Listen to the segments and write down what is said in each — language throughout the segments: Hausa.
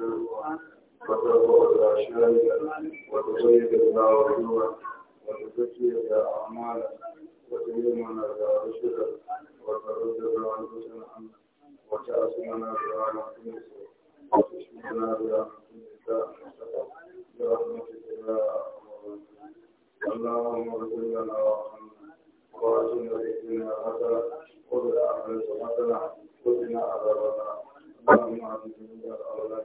سرا وتوفى لا شريك له وتزيد لنا عيوبنا وتزكي بها اعمالنا وتهمنا بها رشدا وتردنا انفسنا عنا وتعصمنا بها نحن وتشفينا بها برحمتك يا اللهم اغفر لنا وارحمنا وارزقنا بإذننا حسنة وبالآخرة حسنة وقنا عذاب النار اللهم اعز من الاولاد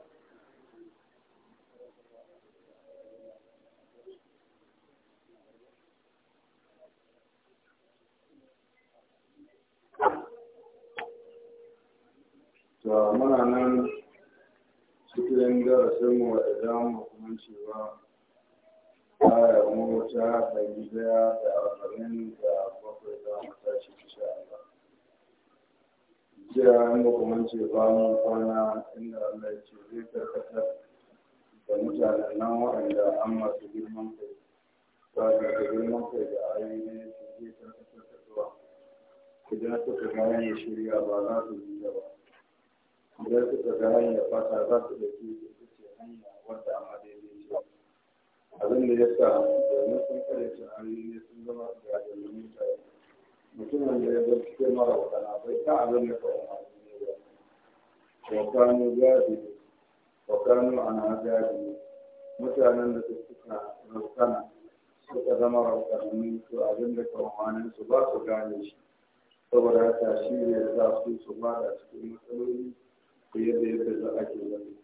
to muna nan cikin darasin mu da damu kuma cewa aya mu ta ɗari ɗaya da arba'in da bakwai za mu tashi insha jiya an ba kuma ce mu kwana inda Allah ce zai karkatar da mutanen nan waɗanda an masu girman kai ba su da girman kai da ayoyi ne zai karkatar da zuwa idan suka gane shirya ba za su yi ba idan suka ga hanyar fata za su da ke ita ce hanya wadda amma daidai ce abin da ya sa domin sun kare shi ne sun zama su da dalilin mutane mutumin da ya bar cikin mara wakana bai ta abin da kawai ma ne ba wakanu gadi wakanu ana gadi mutanen da suka raukana suka zama raukananni to abin da kawai su ba su gane shi saboda haka shi ne za su su ba da cikin matsaloli fiye da yadda za a ke zai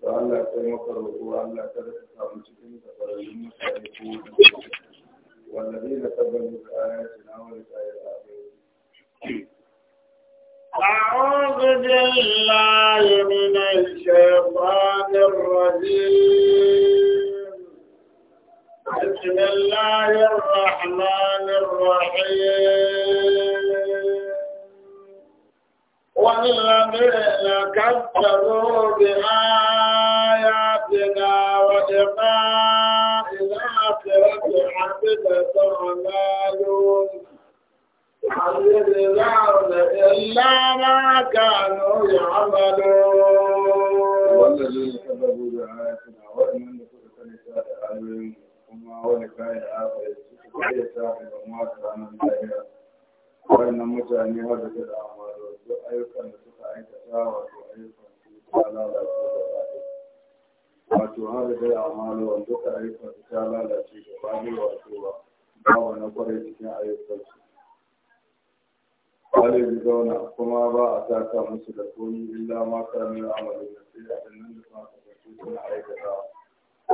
to Allah ya kai maka roƙo Allah kada ka samu cikin tabarrun mutane ko والذين كذبوا بآياتنا ولقاء أعوذ بالله من الشيطان الرجيم بسم الله الرحمن الرحيم والذين كذبوا بآياتنا ولقاء الآخرة حبطت أعمالهم هل يجزون إلا ما كانوا يعملون والذين كذبوا بآياتنا وإن ayoyin kuma wani kayan afirka suka kai da tafi da mata ranar lahira wannan mutane wadda ta da amado duk ayyukan da suka aikata wato ayyukan su ta lalace da baɗi wato har da ya amalu wanda duka ayyukan su ta lalace da baɗi wato ba ba wani kwarai cikin ayyukan su ɗalibi zauna kuma ba a saka musu da komi illa ma karamin amalin da sai a nan da suka kasu suna aikatawa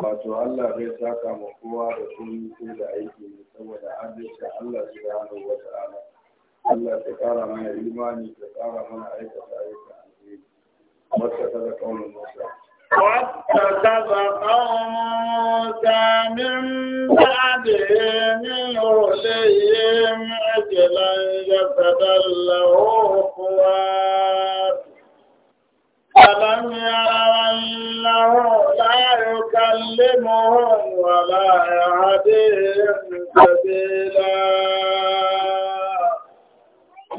wato Allah zai saka ma kowa da komi sai da aiki ne saboda adalci Allah subhanahu wa ta'ala Allah ta ƙara mana imani ta ƙara mana aikata aikata alheri wata ta da ƙaunar Musa. واتخذ قوم موسى من بعده من رسلهم عجلا جسدا له خوات ألم يروا أنه لا يكلمهم ولا يهديهم سبيلا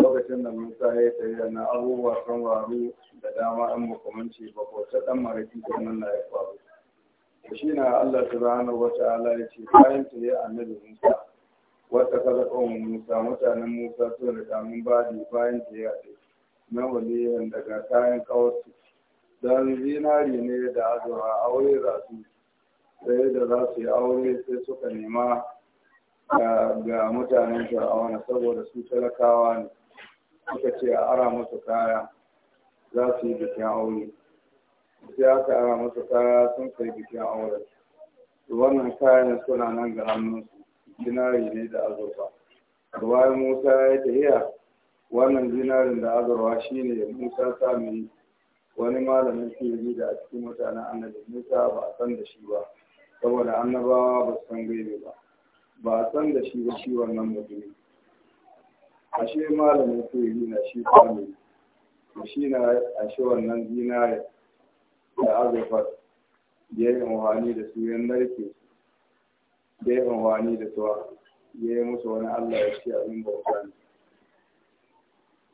lokacin da musa ya da na abubuwa kan waru da dama an makamanci ba ko ta dan maraki nan na ya faru to shi na allah subhanahu wa ta'ala ya ce bayan ta yi annabi musa wata kaza ƙaunar musa mutanen musa sun ba da badi bayan ta yi a na waliyan daga kayan kawarsu don zinari ne da azura aure za su sai da za su yi aure sai suka nema ga mutanen fir'auna saboda su talakawa ne aka ce a ara masa kaya za su yi bikin aure sai aka ara masa kaya sun kai bikin aure wannan kayan suna nan ga hannunsu dinari ne da azurfa bayan musa ya yi tafiya wannan dinarin da azurfa shine musa sami wani malamin fili, da a cikin mutanen annabi musa ba a san da shi ba saboda annabawa ba su san gaibe ba ba a san da shi ba shi wannan mutumin ashe malamin koyi na shi kwami shi na ashe wannan zinare da azurfar ya yi amfani da su yan narke ya yi amfani da tuwa ya yi musu wani allah ya ce abin bauta ne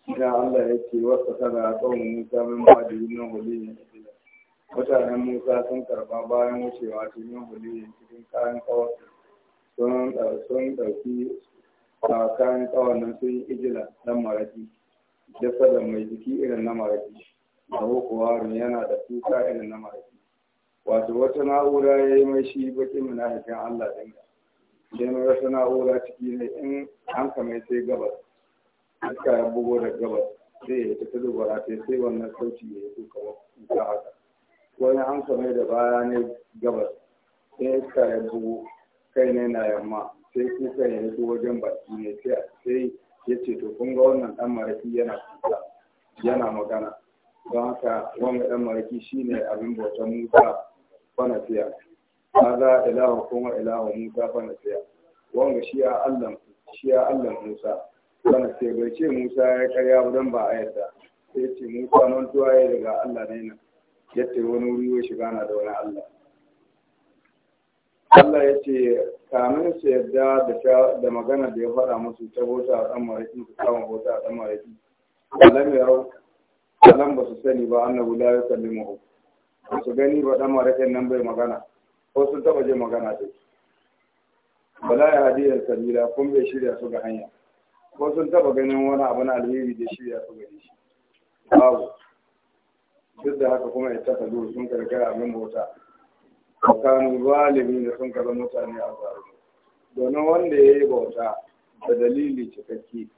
ina allah ya ce wasu tana tsawon musa min ba da yin nan huliyin mutanen musa sun karba bayan wucewa cikin huliyin cikin kayan kawai sun ɗauki kayan tsawon nan sun yi ijila dan maraki da mai jiki irin na maraki da hukuwarin yana da tuka irin na maraki wato wata na'ura ya yi mai shi baƙin haifin allah ɗin sai mai wata na'ura ciki ne in an kame sai gabas iska ya bugo da gabas sai ya tafi dubara sai sai wannan sauci ya yi tuka wuta haka wani an kame da baya ne gabas sai iska ya bugo kai ne na yamma sai kukan ya zo wajen baki ne sai sai ya ce to kun ga wannan dan maraki yana kuka yana magana don haka wannan dan maraki shine abin bautan Musa bana fiya kaza ilahu kuma ilahu Musa bana tsaya wanga shi ya Allah shi ya Allah Musa bana tsaya bai ce Musa ya karya ba dan ba a sai ce Musa nan tuwaye daga Allah ne na yadda wani wuri ya shiga na da wani Allah Allah ya ce kamin su yarda da magana da ya faɗa musu ta bota a ɗan mariki su kama bota a ɗan mariki alam ya rau alam ba su sani ba annabu la ya kalli mu ba su gani ba ɗan marikin nan bai magana ko sun taɓa jin magana ce bala ya hadiyar sabila kun bai shirya su ga hanya ko sun taɓa ganin wani abu na alheri da shirya su gani shi babu duk da haka kuma ya ita duk sun karkar abin bota a kanu zalimi da sun kaza mutane a zaru domin wanda ya yi bauta da dalili cikakke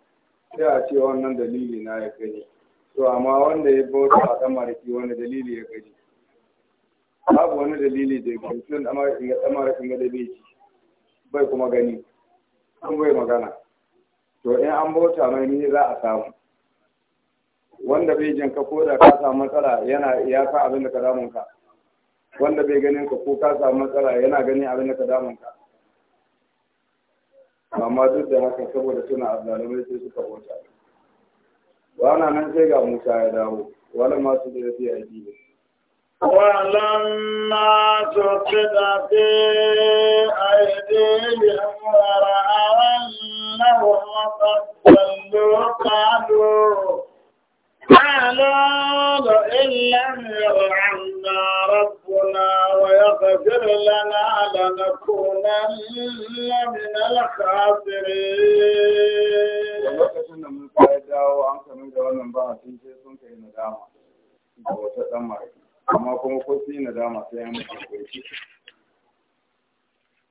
sai a ce wannan dalili na ya gani to amma wanda ya bauta a ɗan mariki wani dalili ya gani babu wani dalili da ya gani tun ɗan mariki ga dabe bai kuma gani an bai magana to in an bauta mai ni za a samu wanda bai jinka ko da ka samu matsala yana iyaka abin da ka damun ka wanda bai ganin ka ko ka samu matsala yana ganin abin da ka damun ka amma duk da haka saboda suna azzalumai sai suka bauta wa na nan sai ga Musa ya dawo wala masu da ya fi aiki ne ولما سقط في أيديهم ورأوا أنهم قد ضلوا قالوا قالوا إن لم لنكونن من الخاسرين da Musa ya wannan ba sun kai ɗan amma kuma sai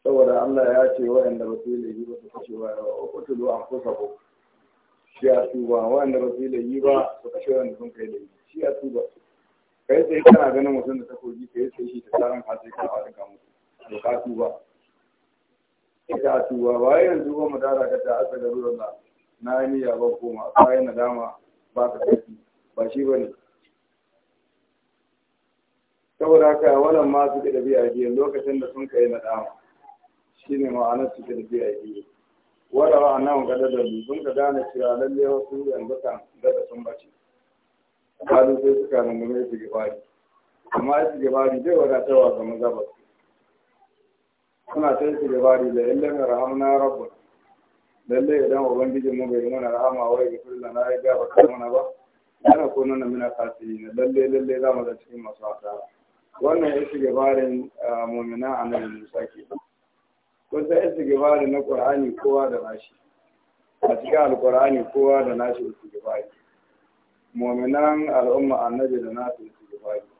saboda Allah ya ce waɗanda ba su yi laifi ba su kashe wa yawa uku tulu an kusa ko shi a tuba waɗanda ba su yi laifi ba su kashe waɗanda sun kai laifi shi a tuba kai sai kana ganin mutum da takobi kai sai shi ta tsarin hasai kan a wani kamusu da ka tuba ita tuba ba yanzu ba mu dara ka ta asa garuruwan na na yi niyya ba koma bayan nadama ba ka tafi ba shi ba ne saboda haka wannan ma suke da biya lokacin da sun kai nadama shine ma'anar suke da biya biyu wanda ba nan ga da sun ka gane cewa lalle wasu yanzu kan da sun bace kalu sai suka rungume su gibari amma su gibari zai wadatarwa ga maza ba suna ta yake dabari da illan rahamna rabba lalle idan ubangiji mu bai mana rahama wai ga kullu na ya gaba kan mana ba ana ko nuna mina kasiri lalle lalle za mu da cikin masu asara wannan yake shiga barin ah, mu'mina annabi Musa ke ko sai yake shiga barin na Qur'ani kowa da nashi a cikin alqur'ani kowa da nashi yake shiga mu'minan al'umma annabi da nasu yake shiga barin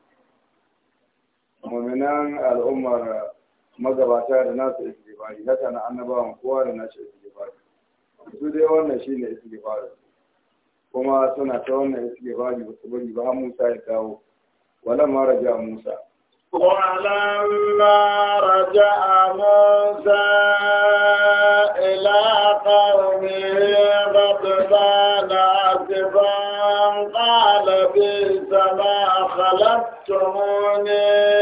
mu'minan al'ummar magabata da nasu istighfari haka na annabawan kowa da nasu istighfari su dai wannan shine istighfari kuma suna ta wannan istighfari ba su bari ba Musa ya kawo walamma raja Musa ولما رجع موسى إلى قومه غضبان آسفا قال بئس ما خلفتموني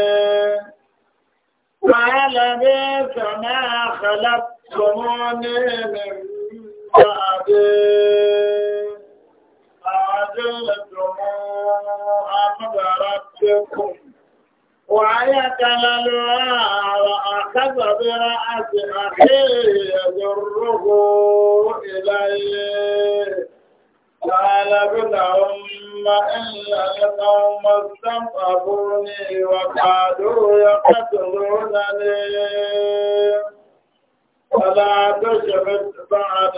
يحكموني من بعدي أعجلتم أمر ربكم ويتلل وأخذ برأس أخيه يجره إليه قال ابن أم إلا القوم استضعفوني وقالوا يقتلونني فلا تشغل بعد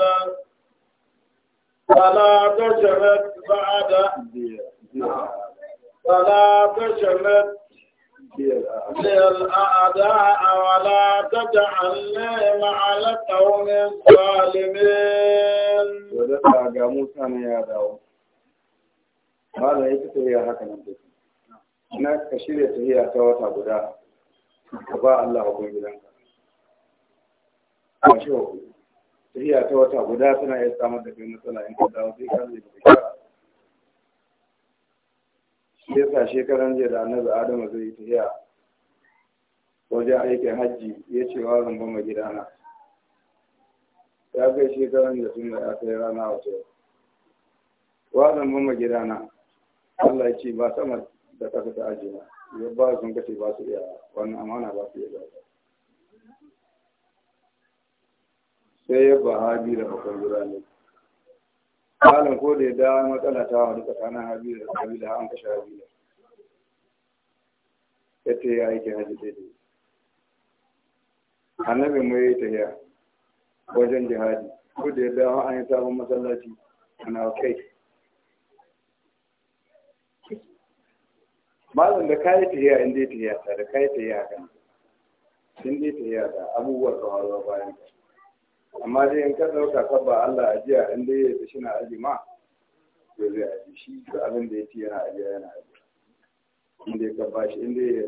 فلا تشغل بعد فلا تشغل للأعداء ولا تجعلني مع القوم الظالمين ودفع موسى يا داود هذا يتفيه هكذا na ka shirya tafiya ta wata guda ka ba Allah hukun a tafiya ta wata guda suna iya samar da kai matsala in ka dawo sai ka zai shekara shi sa shekaran jiya da annabi Adama zai yi tafiya wajen aikin hajji ya ce wa zan bama gidana ya kai shekaran da tun da ya kai rana wata yau wa zan bama gidana Allah ya ce ba sama da kasa ta ajiye ya ba sun kace ba su iya wannan amana ba su iya ba sai ya habi da bakon zura ne halin ko da ya da matsala ta wani tsakanin habi da habi da an kashe habi da ya ta yi aikin haji daidai annabin mu ya yi tafiya wajen jihadi ko da ya dawo an yi sabon masallaci ana kai malam da kayi tafiya in dai tafiya ta da kayi tafiya kan in dai tafiya ta abubuwa kawarwa bayan ka amma dai in ka ɗauka kabba Allah ajiya in dai ya shi na aji to zai aji shi da abin da ya ci yana ajiya yana aji in dai ka bashi in dai ya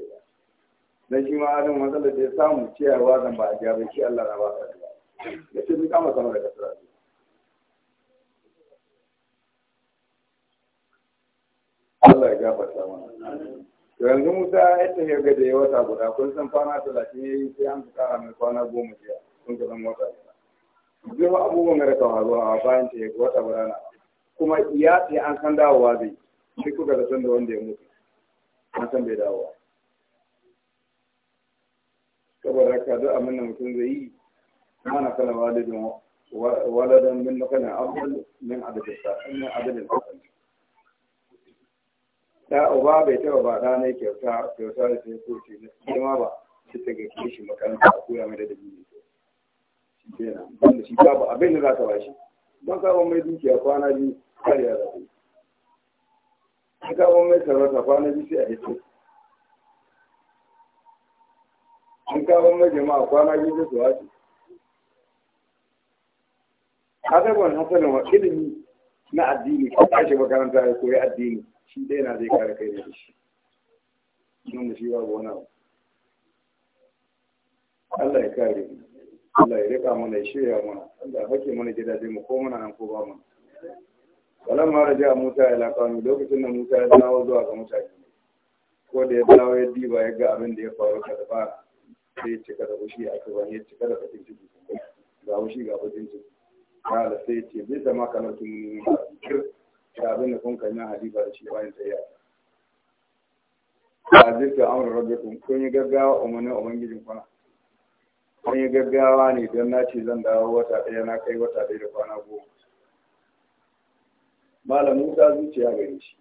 dan shi ma adam matsala da ya samu ciyarwa zan ba ajiya bai shi Allah na ba ka ya ce bi kama sama da kasar Allah ya gafarta mana to yanzu Musa ya tafiya ga da ya wata guda kun san kwana talatin ya yi sai an kara mai kwana goma jiya kun ga dan wata guda duk abubuwan da ka faruwa a bayan ta yaga wata burana kuma ya ce an san dawowa zai shi kuka da san da wanda ya mutu an san bai dawowa saboda haka duk abin da mutum zai yi mana kana walidin waladan min makanin abdul min adadin min adadin da uba bai taba ba da ne kyauta kyauta da sai ko ce ne ma ba shi ta ga kishi makaranta a koya mai da dalili wanda shi babu abin da za bashi don kawo mai dukiya kwana biyu ya zafi shi mai sarauta kwana biyu sai a hito mai jama'a kwana biyu su ilimi na addini ko makaranta ya koyi addini shi na zai kare kai da shi nan da shi babu wani abu Allah ya kare Allah ya rika mana ya shirya mana Allah ya hake mana gidaje mu ko muna nan ko ba mu ma raja muta ila qawmi lokacin da Musa ya dawo zuwa ga mutane ko da ya dawo ya diba ya ga abin da ya faru ka da ba sai ya cika da fushi a kaban ya cika da fatin ciki ga fushi ga fatin ciki kala sai ya ce bai da ma kamar tun ne ba kir ga abin da kun kan hadiba da shi bayan sai ya ta amrun rabbikum kun yi gaggawa umarnin ubangijin kwana an yi gaggawa ne don na ce zan dawo wata ɗaya na kai wata ɗaya da kwana goma malam musa zuciya gare shi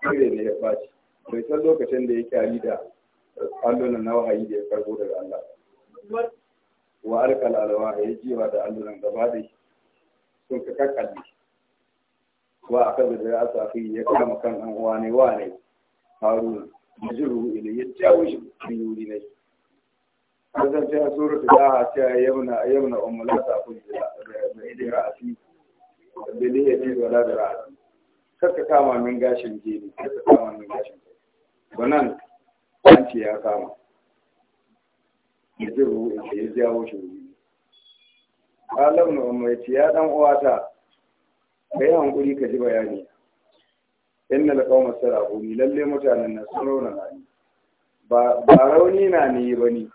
kire ne ya ɓaci bai san lokacin da ya kyali da allunan na wahayi da ya karbo daga allah wa alƙal alawa ya jiwa da allunan gaba da sun ka kakkalle wa a kan da ya safi ya kama kan an wane wane haruna da jiru ilai ya jawo shi na shi. kasance a sura ta daha ce a yamna a yamna umulata a kun jira da idin ra'asi da liya ce wala da ra'asi kakka kama min gashin gini kakka kama min gashin banan an ce ya kama ya ji ruhu in ce ya jawo shi wuri alam na umar ce ya dan uwata ka yi hankuri ka ji bayani inna la qawma sarahuni lalle mutanen nan sun rauna ni ba rauni na ne ba ni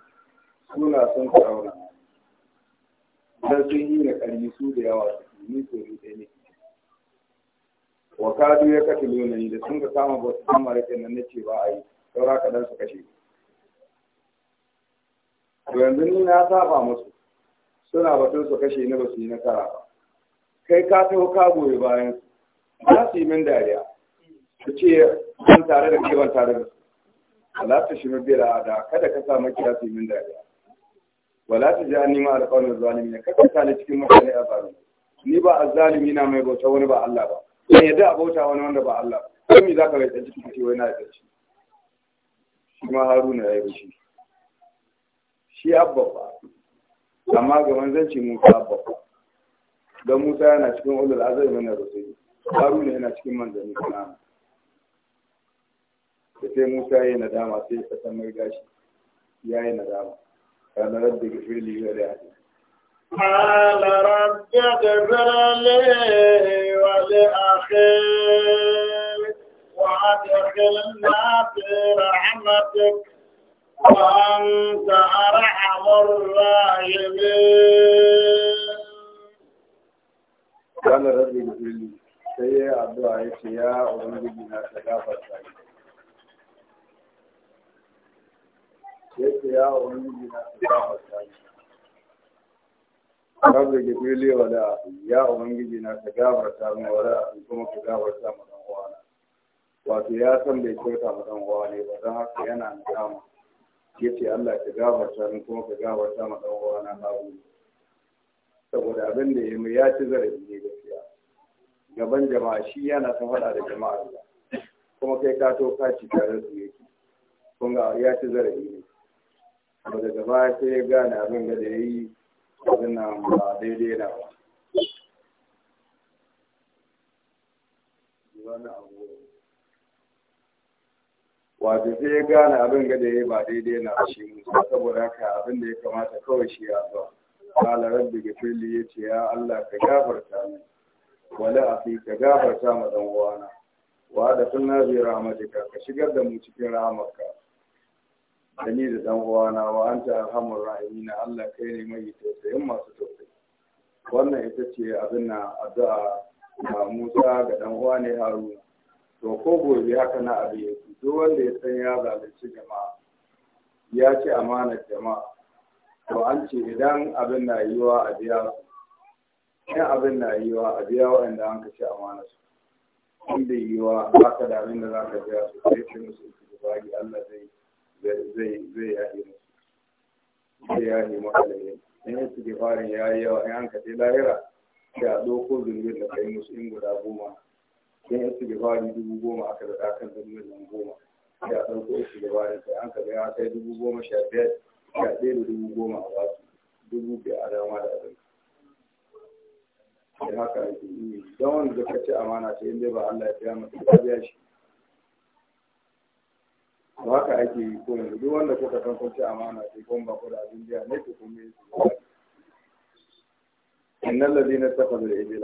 suna son su aura dan sun yi da ƙarfi su da yawa su ni ko ni ɗaya ne wa kadu ya kashe lonani da sun ka kama ba su kama rikin nan na ce ba a yi saura kaɗan su kashe to yanzu ni na saba musu suna batun su kashe ni ba su yi nasara ba kai ka taho ka goyi bayan su. za su yi min dariya su ce ban tare da ke ban tare da su Allah ta shi mabira da kada ka sa kira su yi min dariya wala ta ji an nima alƙawarin zalimi ka ta ne cikin mutane a zalimi ni ba a zalimi na mai bauta wani ba Allah ba ne yadda a bauta wani wanda ba Allah ba ko za ka bai tsanci kici wai na da shi shi ma Haruna yi bishi shi abba ba amma ga manzanci Musa abba ba Don Musa yana cikin ulul azmi min ar Haruna yana cikin manzanni kana da sai Musa yi nadama sai ya san mai gashi yi nadama أنا ردي في يا قال يعني قال ربي اغفر لي ولأخي وأدخلنا في رحمتك وأنت أرحم الراحمين أنا قال ربي في اللي سيئة الدعاء سيئة ونجد منها ثقافة سيئة yake yawo wani gina su kama sani rabbi gifili wa da ya ubangiji na ka gafarta min wa da kuma ka gafarta mu dan uwana wato ya san bai kyauta mu dan uwa ne ba don haka yana nama. Ya ce Allah ka gafarta min kuma ka gafarta mu dan uwana na gode saboda abin da ya mai ya ci zarafi ne gaskiya gaban jama'a shi yana ta faɗa da jama'a kuma kai ka to ka ci tare su yake kun ga ya ci zarafi ne ba daga sai ya gane abin da ya yi abin nan ba daidai na ba wato sai ya gane abin da ya yi ba daidai na shi saboda haka abin da ya kamata kawai shi ya zuwa kala rabbi gafirli ya ce ya allah ka gafarta ni wala a fi ka gafarta ma dan uwana wa da sunna bi rahmatika ka shigar da mu cikin rahmatka ni da dan uwana wa anta arhamur rahimin Allah kai ne mai tausayin masu tausayi wannan ita ce abin na addu'a ga Musa ga dan uwa ne Haruna to ko gobe haka na abin yake duk wanda ya san ya zalunci jama'a ya ci amanar jama'a to an ce idan abin na yiwa a biya su in abin na yiwa a biya waɗanda an kashe amanar su in bai yiwa ka da abin da za ka biya su sai ce musu ba Allah zai yi ya yi makalai in yi su gifarin ya yi yawa in an ka ce lahira sai a ɗauko zunubin da kai musu in guda goma in yi su gifarin dubu goma aka da ɗakan zunubin nan goma sai a ɗauko su gifarin sai an ka ga ya kai dubu goma sha biyar sha ɗaya da dubu goma a ba su dubu biyar a dama da abin da haka ake yi don wanda ka ci amana sai in dai ba Allah ya fiya masa ya biya shi to haka ake yi ko yanzu duk wanda kuka san kun amana sai kun ba ku da abin biya ne ku kun yi إن الذين اتخذوا العجل إن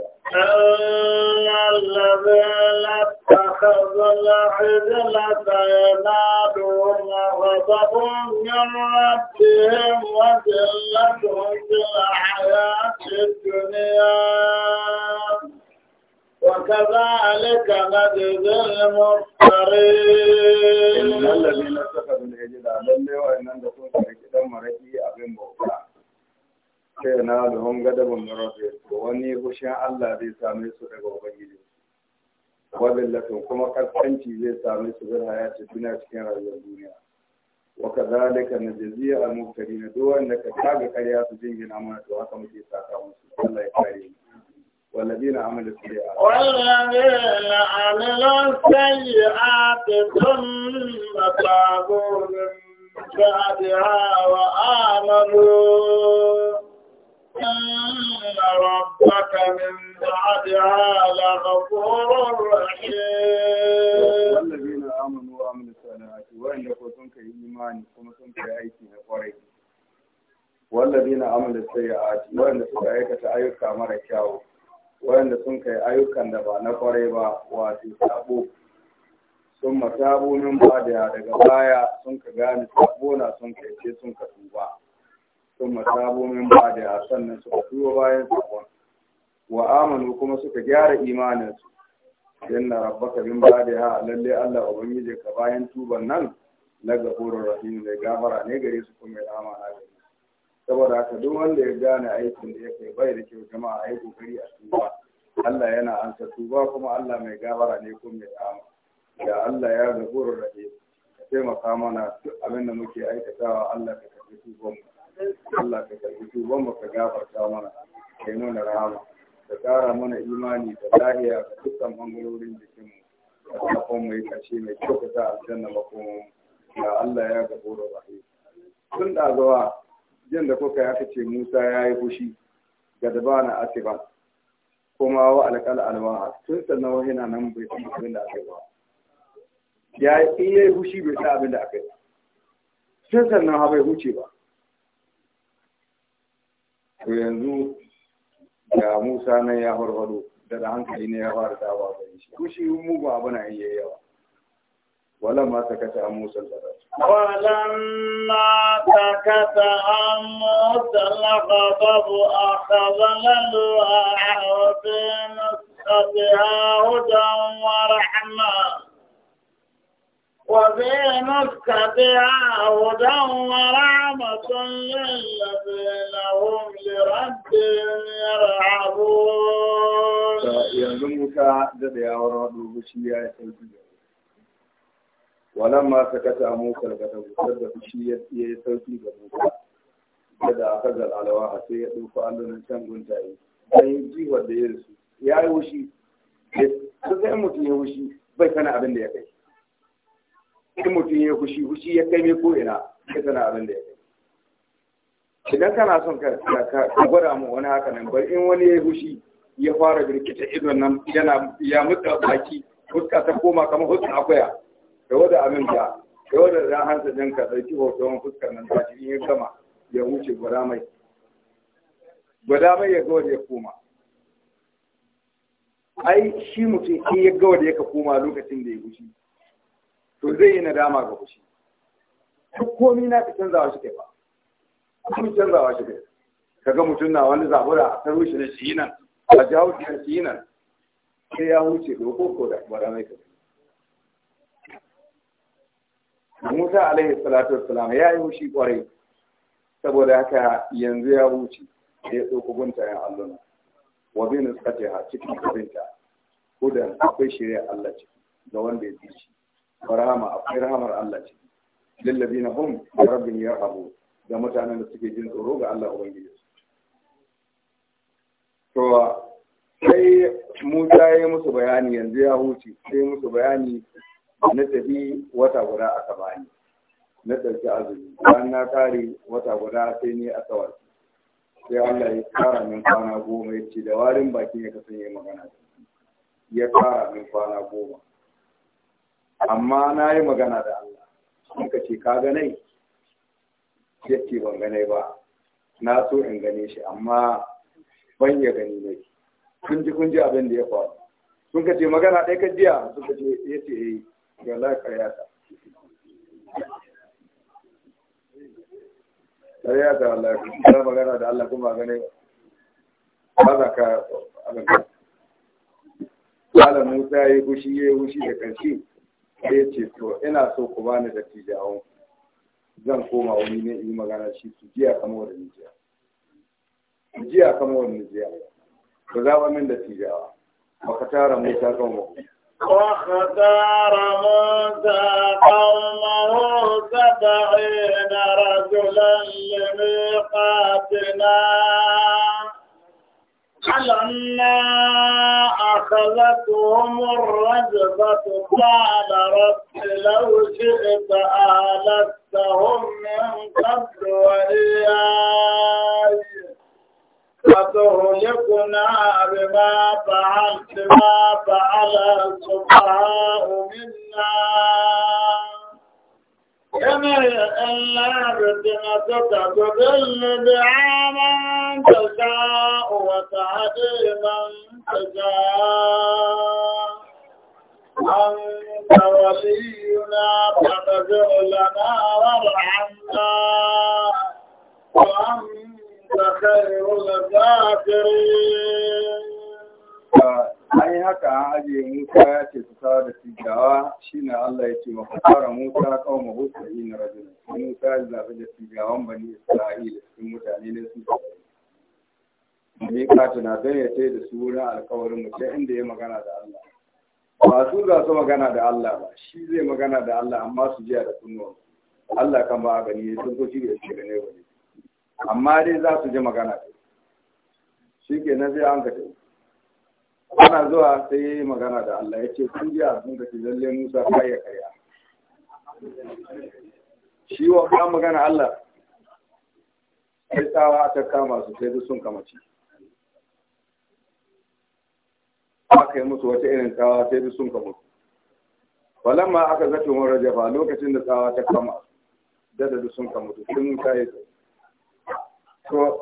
الذين اتخذوا العجل سينالهم غضب من ربهم وذلة في الحياة الدنيا وكذلك نجزي المفترين إن الذين اتخذوا الهجرة لله وإن أنت تنكر كده مركي أبين بوكا sai na da hon gada ban marafi to wani hushin Allah zai same su daga ubangiji wabillatin kuma kaskanci zai same su bin haya ce cikin rayuwar duniya wa kadhalika najziya al-mubtadin duk wanda ka kaga karya su jingina mana to haka muke saka musu Allah والذين عملوا السيئات والذين عملوا السيئات ثم تابوا من بعدها وآمنوا إن ربك من بعدها لغفور رحيم والذين آمنوا وعملوا السيئات وإن كنتم كإيمان كما كنت أيتي نقري والذين عملوا السيئات وإن سكايك تعيك مر كاو waɗanda sun kai ayyukan da ba na kwarai ba wato sabo sun matabo min ba da daga baya sun ka gane sabo na sun kai ce sun ka tuba sun matabo min ba da sannan suka tuba bayan sabon wa amanu kuma suka gyara imaninsu inna rabbaka min ba'di ha lalle Allah ubangiji ka bayan tuban nan na gafurur rahim da gafara ne gare su kuma ya na gare saboda haka duk wanda ya gane aikin da ya kai bai da kyau jama'a ai kokari a tuba Allah yana ansa tuba kuma Allah mai gafara ne ko mai tsama da Allah ya gafuru rahe ka taimaka mana duk abin da muke aikatawa Allah ka karbi tuban mu Allah ka karbi tuban mu ka gafarta mana kai nuna rahama ka kara mana imani da lahiya ga dukkan bangarorin jikinmu ka sakon mu yi ƙarshe mai kyau ka sa aljanna makomo da Allah ya gafuru rahe tun da zuwa jin da kuka ya ce Musa ya yi fushi ga dabana asiba kuma wa alƙal alwa tun sannan wani na nan bai san abin da aka yi ba ya yi iya yi fushi bai san abin da aka yi tun sannan ha bai huce ba to yanzu ga Musa nan ya farfado daga hankali ne ya fara ba bai shi fushi mugu abu na iya yawa ولما سكت عن موسى الغضب ولما سكت عن موسى الغضب أخذ الألواح وفي نسختها هدى ورحمة وفي نسختها هدى ورحمة للذين هم لربهم يرعبون يا زمك دد يا ورد وشيا يا walan ma ka kata a musa da kata da fushi ya yi sauki ga musa da da aka zal alawa a sai ya ɗauko allunan can guntaye dan yi jiwar da ya rasu ya yi wushi da sai mutum ya wushi bai sana abin da ya kai in mutum ya fushi fushi ya kai me ko ina bai sana abin da ya kai idan kana son ka gwada mu wani haka nan bari in wani ya yi fushi ya fara birkita idon nan yana ya mutsa baki fuska ta koma kamar hutsun akuya da wada aminta da wada da hansa ɗin ka ɗauki hoton fuskar nan ta in ya gama ya wuce gwada mai gwada mai ya gawar ya koma ai shi mutum in ya gawar ya ka koma lokacin da ya wuce to zai yi nadama ga gushi duk komi na ka canzawa shi kai ba kuma canzawa shi kai ka ga mutum na wani zabura a taro shi na shi nan a jawo shi na shi nan sai ya wuce ko ko da gwada mai kai Musa alaihi salatu wassalam ya yi shi kwarai saboda haka yanzu ya huce da ya ɗauko guntayen allon wa bin ha cikin kabinta hudan akwai shirya Allah ciki ga wanda ya fi shi rahama akwai rahamar Allah ciki lillabina hum rabbin yarhabu da mutanen da suke jin tsoro ga Allah ubangiji to sai Musa ya musu bayani yanzu ya huce sai musu bayani na tafi wata guda a bani na ɗauki azumi bayan na kare wata guda sai ne a tsawar sai Allah ya kara min kwana goma ya ce da warin bakin ya kasance magana ya kara min kwana goma amma na yi magana da Allah suka ce ka ganai ya ce ban ganai ba na so in gane shi amma ban ya gani ne kun ji kun ji abin da ya faru sun ka ce magana ɗaya ka jiya suka ce ya ce eh. ga laƙarya ta ƙarya ta Allah ta magana da Allah kuma gane ba za ka abinka Kala Musa ya yi hushi ya yi gushi da ƙarshe sai ce to ina so ku bani da tijawo zan koma wani ne yi magana shi su jiya kama wani nijiya jiya kama wani nijiya ku zaɓa min da tijawa ba ka tara Musa kan wani واختار موسى قومه سبعين رجلا لميقاتنا فلما أخذتهم الرجفة قال رب لو شئت أهلكتهم من قبل وإياي فتهلكنا بما فعل بما فعل السفهاء منا كما إلا فتنتك تضل بها من تشاء وتهدي من تشاء أنت ولينا فاغفر لنا وارحمنا وأنت خير الذاكرين haka an ajiye Musa ya ce su sa da tijawa shine Allah ya ce wa fara Musa kawo mahu sahi na rajin Musa ya zafi da tijawan bani Isra'ila cikin mutane ne su ne kata na don ya ce da su wurin alkawarin mu sai inda ya magana da Allah ba su za su magana da Allah ba shi zai magana da Allah amma su jiya da kunnuwa Allah kan ba a gani sun ko shi bai da ne wani amma dai za su ji magana shi ke nan zai an kace ana zuwa sai ya yi magana da Allah ya ce sun biya sun kace lalle Musa ka ya karya shi wa ka magana Allah sai tsawa ta kama su sai duk sun kamace aka yi musu wata irin tsawa sai duk sun kamace falamma aka zato mun rajafa lokacin da tsawa ta kama da da sun kamaci, sun kai tsaye to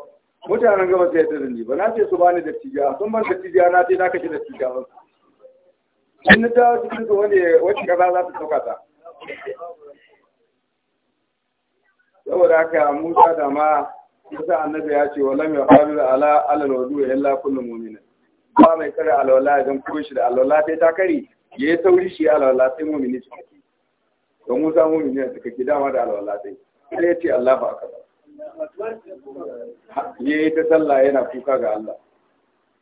mutanen gaba sai da ni ba na ce su bani da tijiya sun ban da tijiya na ce na kashe da tijiya ba in na dawo cikin su wani wacce kaza za su sauka ta saboda haka musa da ma musa annabi ya ce walam ya faru ala alal wudu illa kullu mu'min ba mai kare alwala idan ko shi da alwala sai ta kare yi sauri shi alwala sai mu'mini shi don musa mu'mini ne suka ki dama da alwala sai sai ya ce Allah ba ba ya yi ta sallah yana kuka ga Allah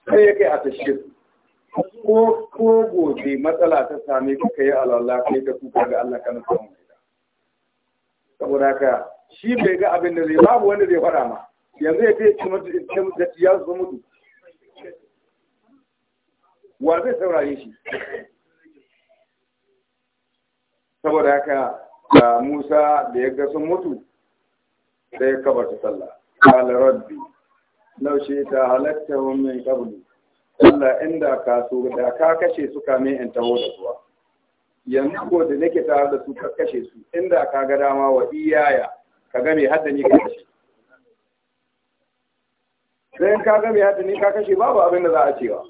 sai ya kai a tashir ko ko gobe matsala ta same ka kai alwala kai ta kuka ga Allah kana samu saboda ka shi bai ga abin da zai babu wanda zai fara ma yanzu ya ce ci mutu da ya zo mutu wa zai saurare shi saboda ka Musa da ya ga sun mutu sai ya ta sallah kala rabbi ta halatta halaktahum min qabli Allah inda ka so da ka kashe su kamin in taho da suwa yanzu ko da nake tare da su ka kashe su inda ka ga dama wa iyaya ka ga me haddani ka kashe sai ka ga me haddani ka kashe babu abin da za a cewa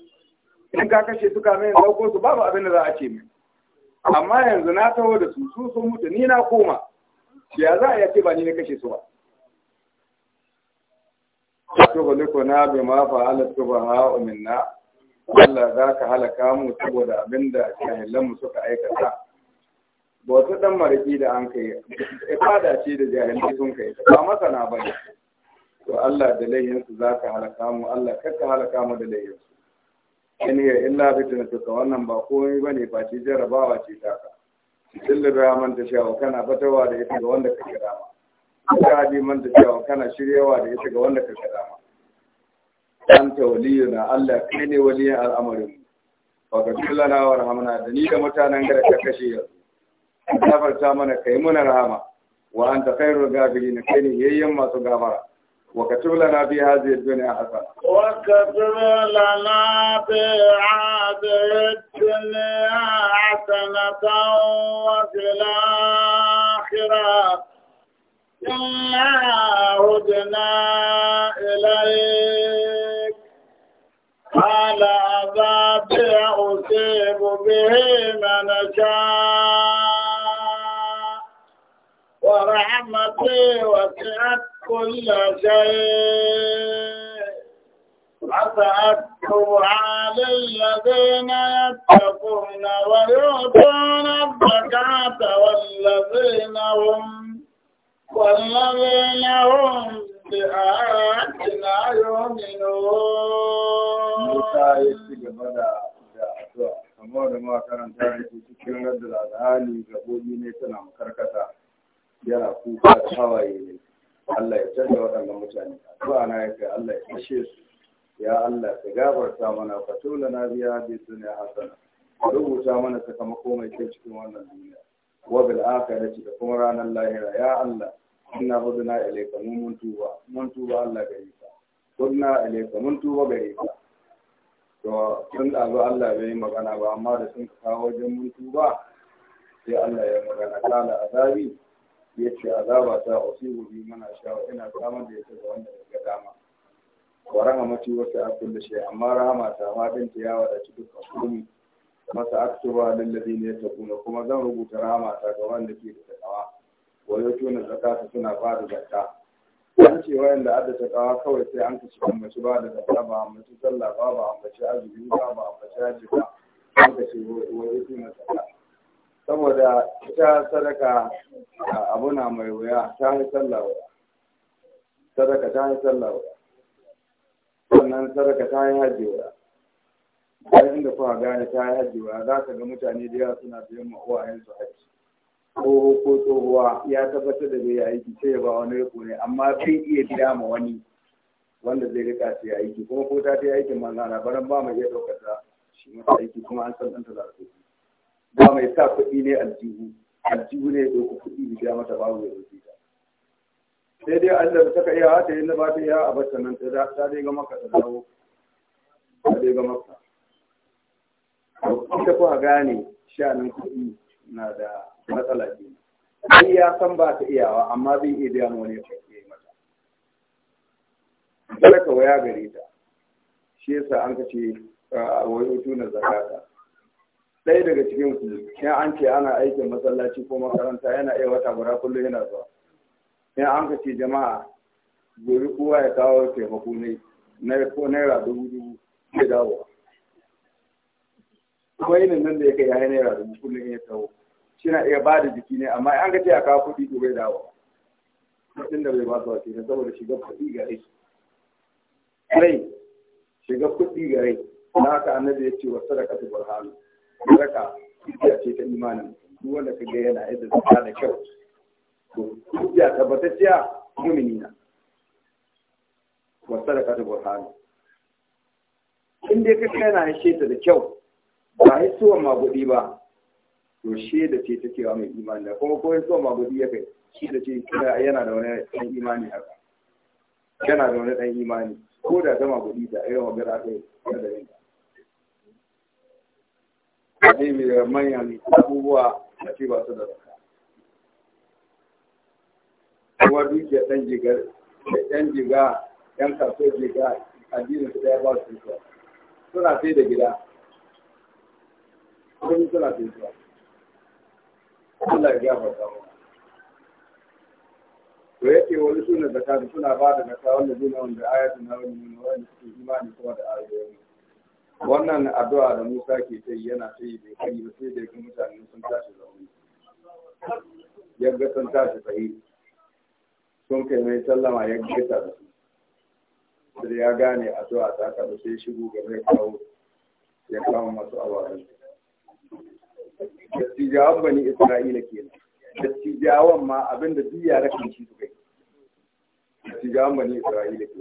in ka kashe su kamin in dauko su babu abin da za a ce mai amma yanzu na taho da su su sun mutu ni na koma ya za a iya ce ba ni na kashe su ba tughlikuna bima fa'ala subha'u minna Allah za ka halaka mu saboda abinda jahilan mu suka aikata wata dan mariki da an kai ibada ce da jahilai sun kai ba masana ba ne to Allah da layinsu za ka halaka mu Allah kar ka halaka mu da layinsu in ya illa fitnatuka wannan ba komai bane face jarabawa ce ta ka dillin rahman ta shawo kana fatawa da ita ga wanda ka rama ka haɗe man da cewa kana shiryawa da ita ga wanda ka kaɗa ma an ta waliyu na Allah kai ne waliyan al'amarin ba ka na wa rahamna da ni da mutanen gara ka kashe yanzu ka gafarta mana kai muna rahama wa anta khairul na kai ne yayyan masu gafara وكتب لنا في هذه الدنيا حسنة وكتب لنا في هذه الدنيا حسنة وفي الآخرة ثم عدنا إليك قال عذابي أصيب به من شاء ورحمتي وسعت كل شيء على للذين يتقون ويؤتون الزكاة والذين هم والذين هم بآياتنا يؤمنون موسى يشتغل بدا kamar da ke cikin radda da hali gabobi ne suna karkata yana kuka da hawaye ne Allah ya canza waɗannan mutane addu'a na ya kai Allah ya kashe su ya Allah ka gabarta mana fatula na biya bi dunya hasana rubuta mana sakamako mai kyau cikin wannan duniya wa bil akhirati da kuma ranar lahira ya Allah inna hudna ilayka mun tuba mun tuba Allah gare ka hudna ilayka mun tuba gare ka to tun da zo Allah bai yi magana ba amma da sun kawo wajen mun tuba sai Allah ya magana kala azabi ya ce azaba ta usibu bi mana sha ina samar da yake ga wanda ya ga dama wa rahamati wa sa'atul shay amma rahama ta ma din ta yawa da cikin komai masa aktuba lil ladina yattaquna kuma zan rubuta rahama ta ga wanda ke da takawa wani tuna zakata suna ba da zakka an ce da adda takawa kawai sai an kaci ambaci ba da zakka ba ambaci sallah ba ba ambaci azumi ba ba ambaci haji ba an kaci wani tuna zakka saboda ita sadaka abu na mai wuya ta yi sallah wuya sadaka ta yi sallah wuya sannan sadaka ta yi haji wuya bayan inda kuka gane ta yi haji wuya za ka ga mutane da yawa suna biyan yin su haji Ko ko tsohuwa ya tabbatar da zai aiki sai ya ba wani riko ne amma sai iya biya ma wani wanda zai rika sai aiki kuma ko ta ta aikin manzana baran ba mai iya ɗaukar ta shi mata aiki kuma an san ɗanta za su ba mai sa kuɗi ne aljihu aljihu ne ya ɗauka kuɗi da biya mata babu ya ɗauki ta sai dai an da ta ka iya hata yin da ba ta iya a bata nan ta dai ga maka da dawo ta dai ga maka. Ita kuka gane sha'anin kuɗi na da matsala ce sai ya san ba ta iyawa amma zai iya biya mu wani ya yi mata talaka waya gare ta shi yasa an ka ce wayo tuna zakata ɗaya daga cikin ku ya an ce ana aikin masallaci ko makaranta yana iya wata guda kullum yana zuwa in an ka ce jama'a gobe kowa ya kawo taimako ne ko naira dubu dubu ya dawo. kuma yinin nan da ya kai ya yi naira dubu kullum ya kawo shi iya iya bada jiki ne amma an gaji a kawo kuɗi to bai dawo mutum da bai ba su wace saboda shiga kuɗi ga rai rai shiga kuɗi ga rai na haka annabi ya ce wasu sadaka ta burhanu sadaka ya ce ta imanin duk wanda ka ga yana yadda zaka da kyau to ya tabbatacciya mumini na wasu sadaka ta burhanu in dai ka yana hashe ta da kyau ba hisuwan magudi ba to da ce ta cewa mai imani da kuma ko so magudi ya kai shi da ce yana da wani ɗan imani haka yana da wani ɗan imani ko da ta magudi da ayyuka magana kai da yin ka ne mai manyan abubuwa a ce ba su da zaka kuma dukiya ɗan jigar ɗan jiga ɗan kasuwar jiga addinin su ɗaya ba su suna sai da gida kuma suna sai zuwa Allah ya gafarta mu to yake wani suna zakka suna ba da zakka wanda zuna wanda ayatu na wani mun wanda suke imani kuma da ayoyi wannan addu'a da Musa ke ta yana ta yi bai kai ba sai da ga mutane sun tashi zaune yagga sun tashi sahi. sun kai mai sallama ya ta da su sai ya gane addu'a ta kalu sai shigo game kawo ya kawo masu awarin dattijawan bani isra'ila ke dattijawan ma abinda duk yara kan ci su kai dattijawan bani isra'ila ke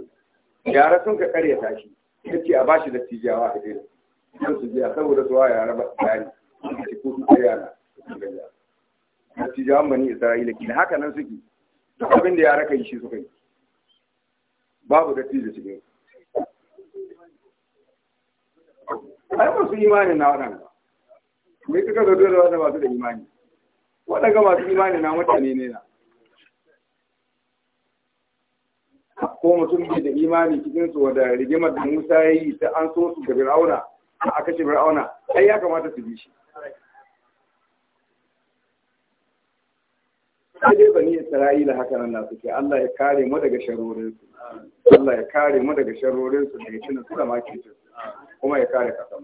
yara sun ka karya tashi ya ce a ba shi dattijawa a dai sun su jiya saboda su wa yara ba tsari su ko su tsaya na dattijawan bani isra'ila ke haka nan suke duk abinda yara kan shi su kai babu dattijo cikin ai ba su imanin na waɗanda mai suka zato da wata masu da imani waɗanda masu imani na mutane ne na ko mutum bai da imani cikin su wanda rigimar da Musa ya yi ta an so su ga Fir'auna a kashe Fir'auna ai ya kamata su bi shi sai dai bani Isra'ila haka nan na suke Allah ya kare mu daga sharorin su Allah ya kare mu daga sharorin su ya cin su da makincin kuma ya kare kasan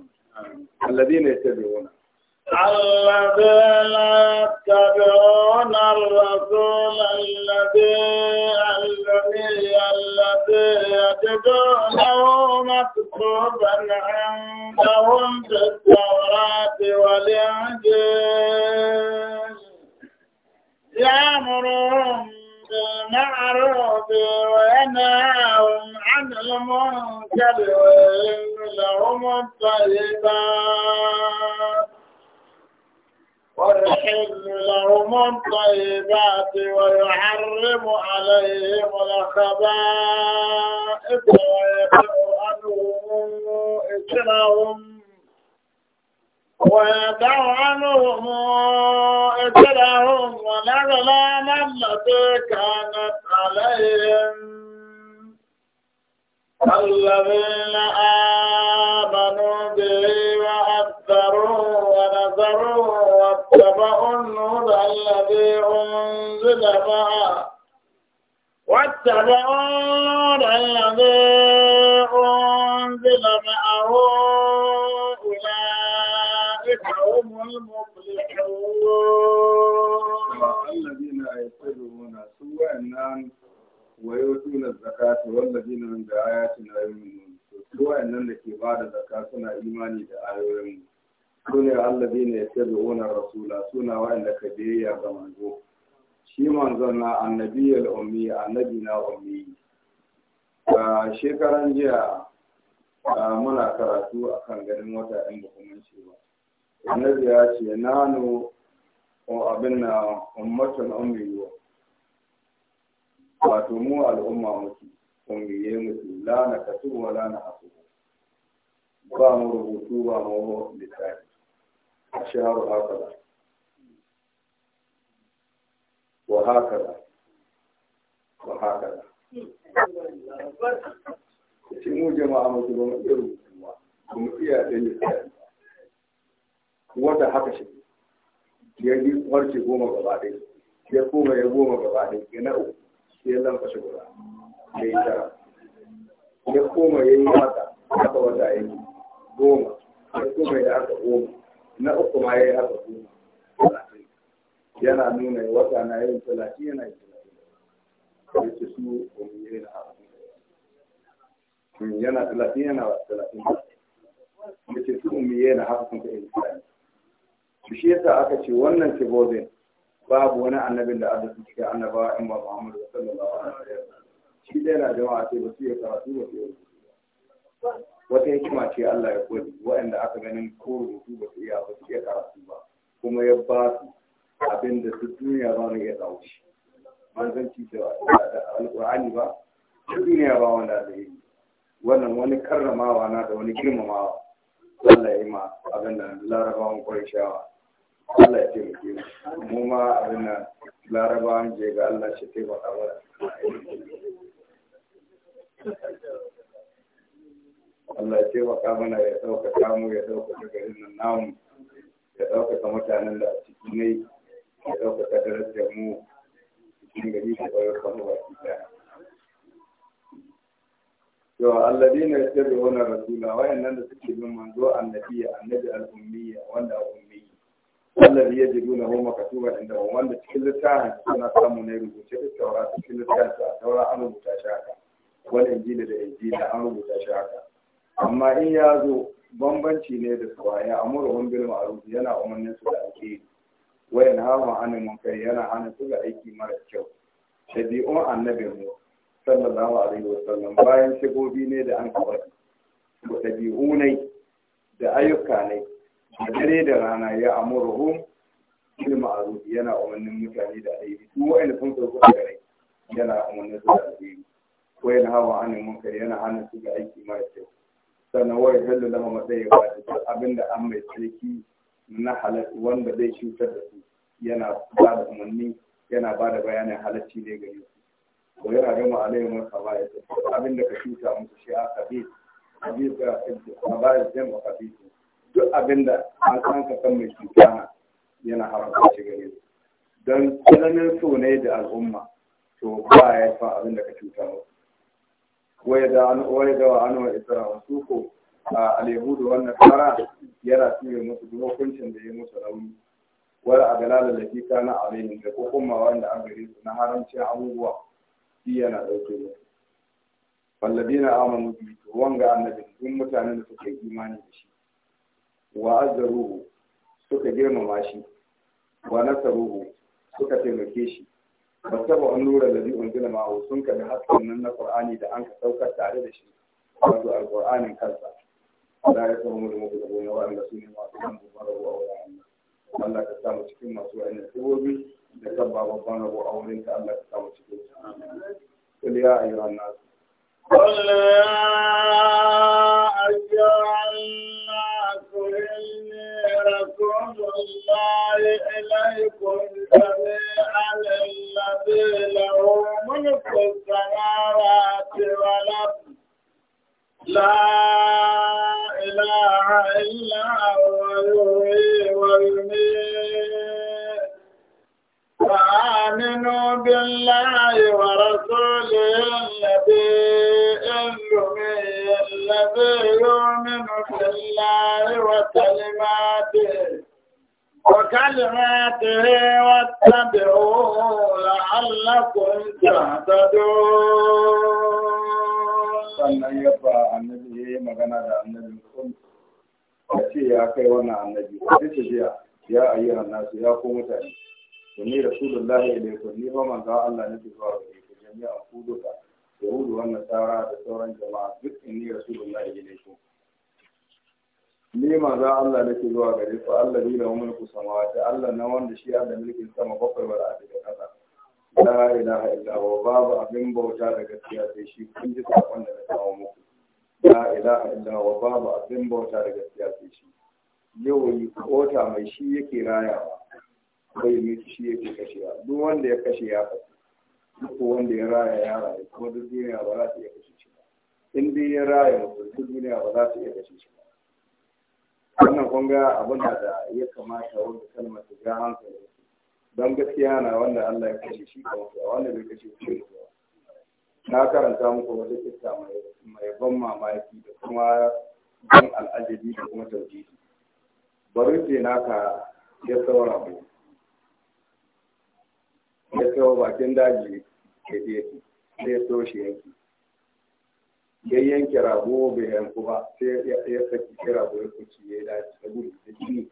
mu alladina yattabi'una الذين يتبعون الرسول الذي الذي الذي يجدونه مكتوبا عندهم في التوراة والإنجيل يأمرهم بالمعروف وينهاهم عن المنكر ويحل لهم الطيبات ويحل لهم الطيبات ويحرم عليهم الخبائث ويدع عنهم إثرهم ويدع عنهم إثرهم والأغلال التي كانت عليهم الذين آمنوا كذبا واتبعوا النور الذي أنزل معه أولئك هم المفلحون الذين يتبعون سوى النام ويؤتون الزكاة والذين من بآياتنا يؤمنون سوى النام لكي بعد الزكاة سنة إيماني بآياتنا sune allazi ne ya tabi onar rasula suna wa'anda ka biyayya ga manzo shi manzon na annabi al annabi na ummi a shekaran jiya muna karatu a kan ganin wata ɗin muhimmanci ba annabi ya ce ko abin na ummatun ummiyo wato mu al'umma muke ummiye muke lana kasu wa lana haku ba mu rubutu ba mu littafi a shaharu haka wa haka wa haka jama'a mutu ba mu iya rubutuwa ba mu iya ɗaya da wata haka shi ya yi warce goma gaba ɗaya ya goma gaba ya na uku ya guda yi ya yi wata goma ya haka goma na uku ma ya yi haka kuma. yana nuna wata na yin talatin yana yin talatin da su umiyai na hafafin yana talatin yana talatin da ce su umiyai na hafafin ka yi talatin su shi yasa aka ce wannan kibobin babu wani annabin da aka su cikin annabawa in ba muhammadu sallallahu alaihi wasallam shi dai na jama'a ce ba su yi karatu ba su yi wata hikima ce Allah ya kodi wa'anda aka ganin ko rubutu ba su iya ba su iya karatu ba kuma ya ba su abin da duk duniya ba mu ya tsawo shi manzanci da alƙur'ani ba su duniya ba wanda da yi wannan wani karramawa na da wani girmamawa Allah ya yi ma abin da larabawan shawa. Allah ya taimake mu ma abin da larabawan je ga Allah shi taimaka mana Allah ya taimaka mana ya ɗaukaka mu ya ɗaukaka garin nan namu ya ɗaukaka mutanen da a ciki ne ya ɗaukaka darajar mu cikin gari da bayar kwanu baki ɗaya. To, allabi na yake da wani rasula, wayannan da suke bin manzo annabiya, annabi al'ummiya, wanda al'ummiya. Allabi ya jiru na homa ka tuba inda wanda cikin littafin suna samu na rubuce da taura cikin littafin sa, taura an rubuta shi haka. Wani injila da injila an rubuta shi haka. Amma in ya zo bambanci ne da suwaya, amurahun bil ma'ruf yana umarnin su da alheri. wayan hawa ana munkar yana hana su ga aiki mara kyau Ɗabi'un annabin mu sallallahu alaihi wa sallam bayan shigobi ne da an kabar da ɗabi'u ne da ayyuka ne da dare da rana ya amurhum bil ma'ruf yana umarnin mutane da aiki. su wani sun karɓi da rai yana umarnin su da alheri wayan hawa ana munkar yana hana su ga aiki mara kyau sannan wayan yahallu lahu matsayi ba abinda an mai tsarki na halatta wanda zai cutar da su yana ba da umarni yana ba da bayanin halacci ne ga su ko yana gama alayhimar kabayar abin da ka cuta musu shi a a kabi kabayar jama'a kabi duk abin da an san ka san mai cuta yana haramta shi gare su don tsananin so ne da al'umma to ba ya fa abin da ka cuta musu wai da an wai da an wa isra su ko a yahudu wan nasara yana tuye musu duk hukuncin da ya musu rauni wal adalala lati kana alaihim da hukuma wanda an gare su na haramcin abubuwa shi yana dauke musu walladina amanu bi wanga annabi duk mutanen da suka yi imani da shi wa suka girmama shi wa nasaruhu suka taimake shi nura da allazi unzila ma'ahu sun kada hasken nan na qur'ani da an ka saukar tare da shi wato alqur'anin kansa أولئك هم المؤمنون وأن سنهم وأسلامهم فروا أولئك Allah ka samu cikin masu wa'annan tsibobi da tabba babban rabo a wurin ka Allah ka samu cikin su. Kul ya ayyuha nas. Qul ya ayyuha nas inni rasulullah ilaykum jami'an alladhi lahu mulku as-samawati wal ardi. La إله إلا هو يحيي ويميت فآمنوا بالله ورسوله الذي الأمي الذي يؤمن بالله وكلماته وكلماته واتبعوه لعلكم تهتدون. صلى الله عليه وسلم. magana ya ce ya kai wannan annabi ko ta jiya ya ayi hannasu ya ko mutane to ni rasulullahi ilaikum ni ba manzo Allah ne zuwa gare ku jami'a ku duka yahudu wannan tsara da sauran jama'a duk in ni rasulullahi ilaikum ni manzo Allah ne zuwa gare ku Allah ne lahu mulku samawati Allah na wanda shi Allah mulkin sama bakwai wa da kasa la ilaha illa huwa babu abin bauta da gaskiya sai shi kun ji sakon da na kawo muku la ilaha illa wa babu abin bauta da gaskiya sai shi yau yi kota mai shi yake rayawa bai mai shi yake kashewa duk wanda ya kashe ya kashe duk wanda ya raya ya raya kuma duk duniya ba za ta iya kashe shi ba in dai ya raya mutum duk duniya ba za ta iya kashe shi ba wannan kun ga abin da ya kamata wanda kalmar ta ja hankali don gaskiya na wanda Allah ya kashe shi kuma wanda bai kashe shi ba na karanta muku wata kissa mai ban mamaki da kuma ban al'ajabi da kuma tauhidi bari ce naka ya saura mu ya saura bakin daji da yake sai so shi yanki ya yanke rago bai yanku ba sai ya saki shi rago ya kuci ya daji da gudu da jini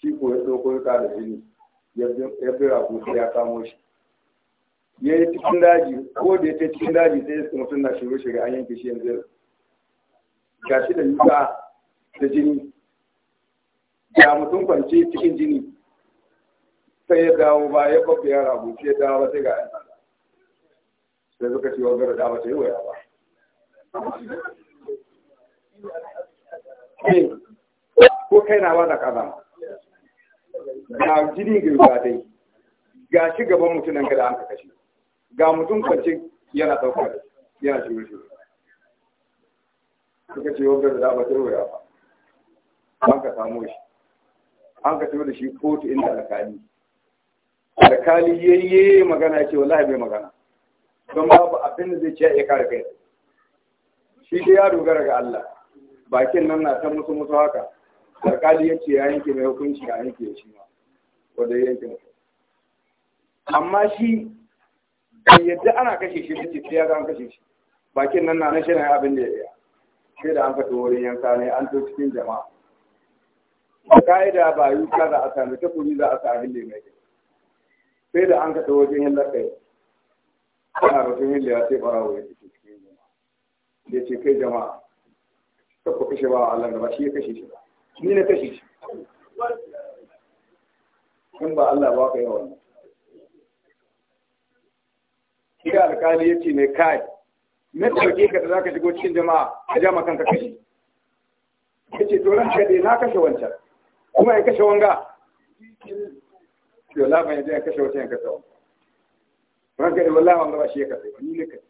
shi ko ya ɗauko ya da jini ya bi rago sai ya kamo shi ya yi cikin daji ko da ya ce cikin daji sai su mutum na shiru shiga an yanke shi yanzu ga shi da yuka da jini ga mutum kwance cikin jini sai ya dawo ba ya babba yara abu sai ya dawo sai ga yan sai suka ce wa da ba ta yi waya ba eh, ko kai na ba da kaza ga jini girba dai ga shi gaban mutum nan gada an ka kashe ga mutum kwace yana ɗauka yana shi rushe suka ce wanda da ba turu ya ba an ka samu shi an ka turu da shi kotu inda alkali alkali yayye magana ya ce wallahi bai magana don babu abin da zai ce ya kare kai shi dai ya dogara ga Allah bakin nan na ta musu musu haka alkali ya ce ya yanke mai hukunci ya yanke shi ma wanda ya yanke amma shi kan yadda ana kashe shi take sai ya ga an kashe shi bakin nan na nan shi ne abin da ya yi sai da an fito wurin yanka ne an to cikin jama'a da ka'ida ba yi ka za a sami takuri za a sa hille mai sai da an kaɗa wajen yin lakai ana batun hille ya sai farawo ya ce cikin jama'a ya ce kai jama'a ta ku kashe ba Allah gaba shi ya kashe shi ba ni na kashe shi in ba Allah ba ka yi wannan. sai alkali ya ce mai kai na ɗauke ka da za ka shigo cikin jama'a ka ja kanka kashi ya ce to ranka dai na kashe wancan kuma ya kashe wanga yau lafa ya je ya kashe wancan ya kashe wanga ranka dai wallahi wanga ba shi ya kashe ba Wani ne kashe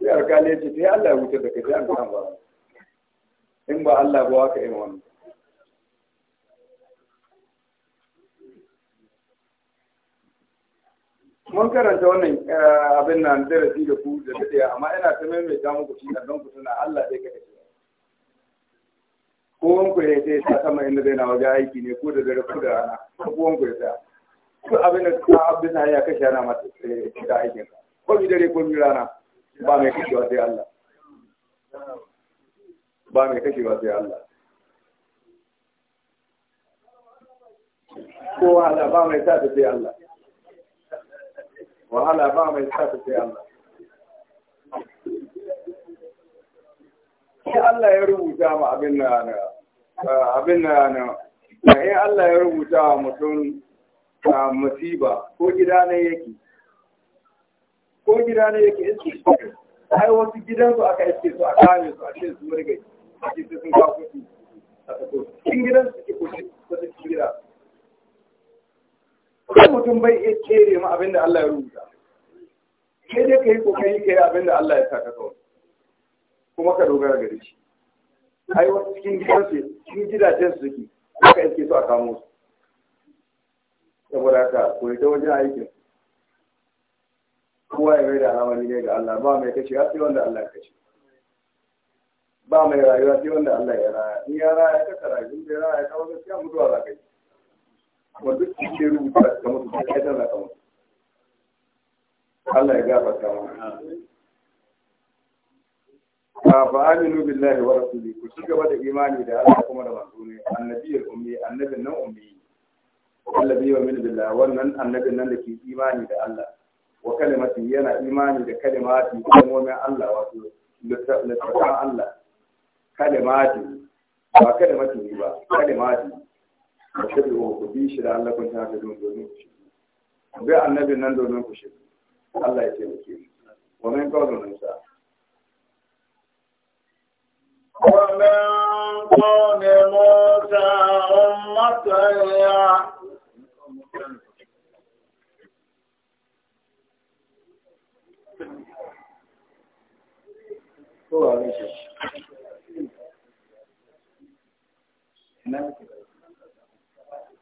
sai alkali ya ce sai Allah ya wuce da ka sai an ba. in ba Allah ba waka irin wannan mun karanta wannan eh, abin nan darasi da ku da daya amma ina ta ta muku shi na don ku suna Allah zai kaɗa shi kowon ku ya ce ta sama inda zai na waje aiki ne ko da dare ko da rana kowon ku ya ta ko abin da ta abin da ya kashe ana mata eh, ta aikin ka ko mi dare ko mi rana ba mai wa sai Allah ba mai wa sai Allah kowa ba mai sa ta sai Allah wahala ba mai sa ta sai Allah shi ya rubuta ma abin na na abin na na in Allah ya rubuta wa mutum musiba ko gida ne yake ko gida ne yake iske ai wasu gidansu aka iske su a kame su a ce su murgai a ce sun kawo kuɗi a tafi cikin gidansu suke kuɗi wata cikin gidansu ko mutum bai iya kere ma abin da Allah ya rubuta sai dai ka yi ko ka yi abin da Allah ya sa ka kawai kuma ka dogara gare shi ai wasu cikin su cikin gidajen su suke haka yake so a kamo su saboda haka ko ita wajen aikin kowa ya da al'amari ne ga Allah ba mai kashe sai wanda Allah ya kashe ba mai rayuwa sai wanda Allah ya raya in ya raya ka rayu in ya raya ka wajen gaskiya mutuwa za ka yi kuma duk su ke rubuta da mutu da ya dala kan Allah ya gafarta mana fa fa aminu billahi wa rasuli ku ci gaba da imani da Allah kuma da masu ne annabiyul ummi annabin nan ummi wa yu'minu billahi wannan annabin nan da ke imani da Allah wa kalimati yana imani da kalimati kalmomin Allah wato littafin Allah kalimati ba kalimati ne ba kalimati ba ta biyu ku bi shi da Allah kun ta don domin ku shigo ku annabi nan domin ku shigo Allah ya taimake mu wa min qawlu musa wa min qawli musa ummatan ya Thank you.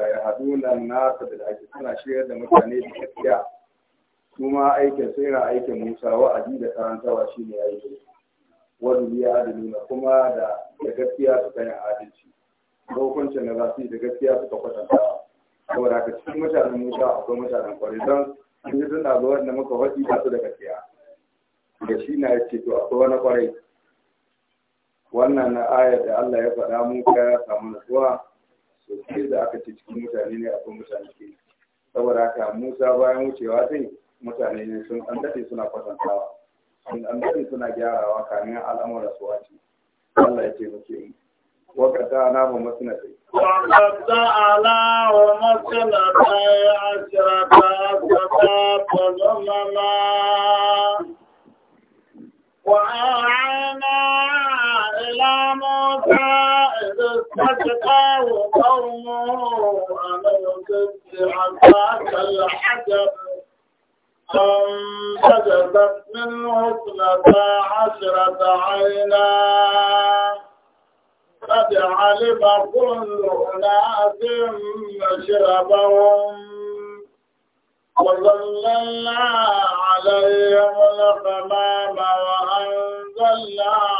gaskiya ya haɗu nan nasa da ake suna shirya da mutane da gaskiya kuma aikin na aikin musa wa'azi da karantawa shi ne aiki wani biya da nuna kuma da gaskiya su yi adalci da da za su yi da gaskiya su kwatanta saboda ka cikin mutanen musa akwai mutanen kwarai don sun yi tun da wanda muka faɗi ba su da gaskiya da shi na ya ce to akwai wani kwarai wannan na ayar da Allah ya faɗa mu ka samu nutsuwa to sai da aka ce cikin mutane ne akwai mutane ke saboda haka musa bayan wucewa sai mutane ne sun an daɗe suna kwatantawa sun an daɗe suna gyarawa kamin al'amuran su wace Allah ya ce taimake mu وقطعناه مسنتين وقطعناه ta عشرة أسباب أمما وأوحينا إلى Musa. فسقاه قومه أمركت عساك الحجر فانفجدت منه اثنتا عشرة عينا قد كل أناس مشربهم وظللنا عليهم الغمام وأنزلنا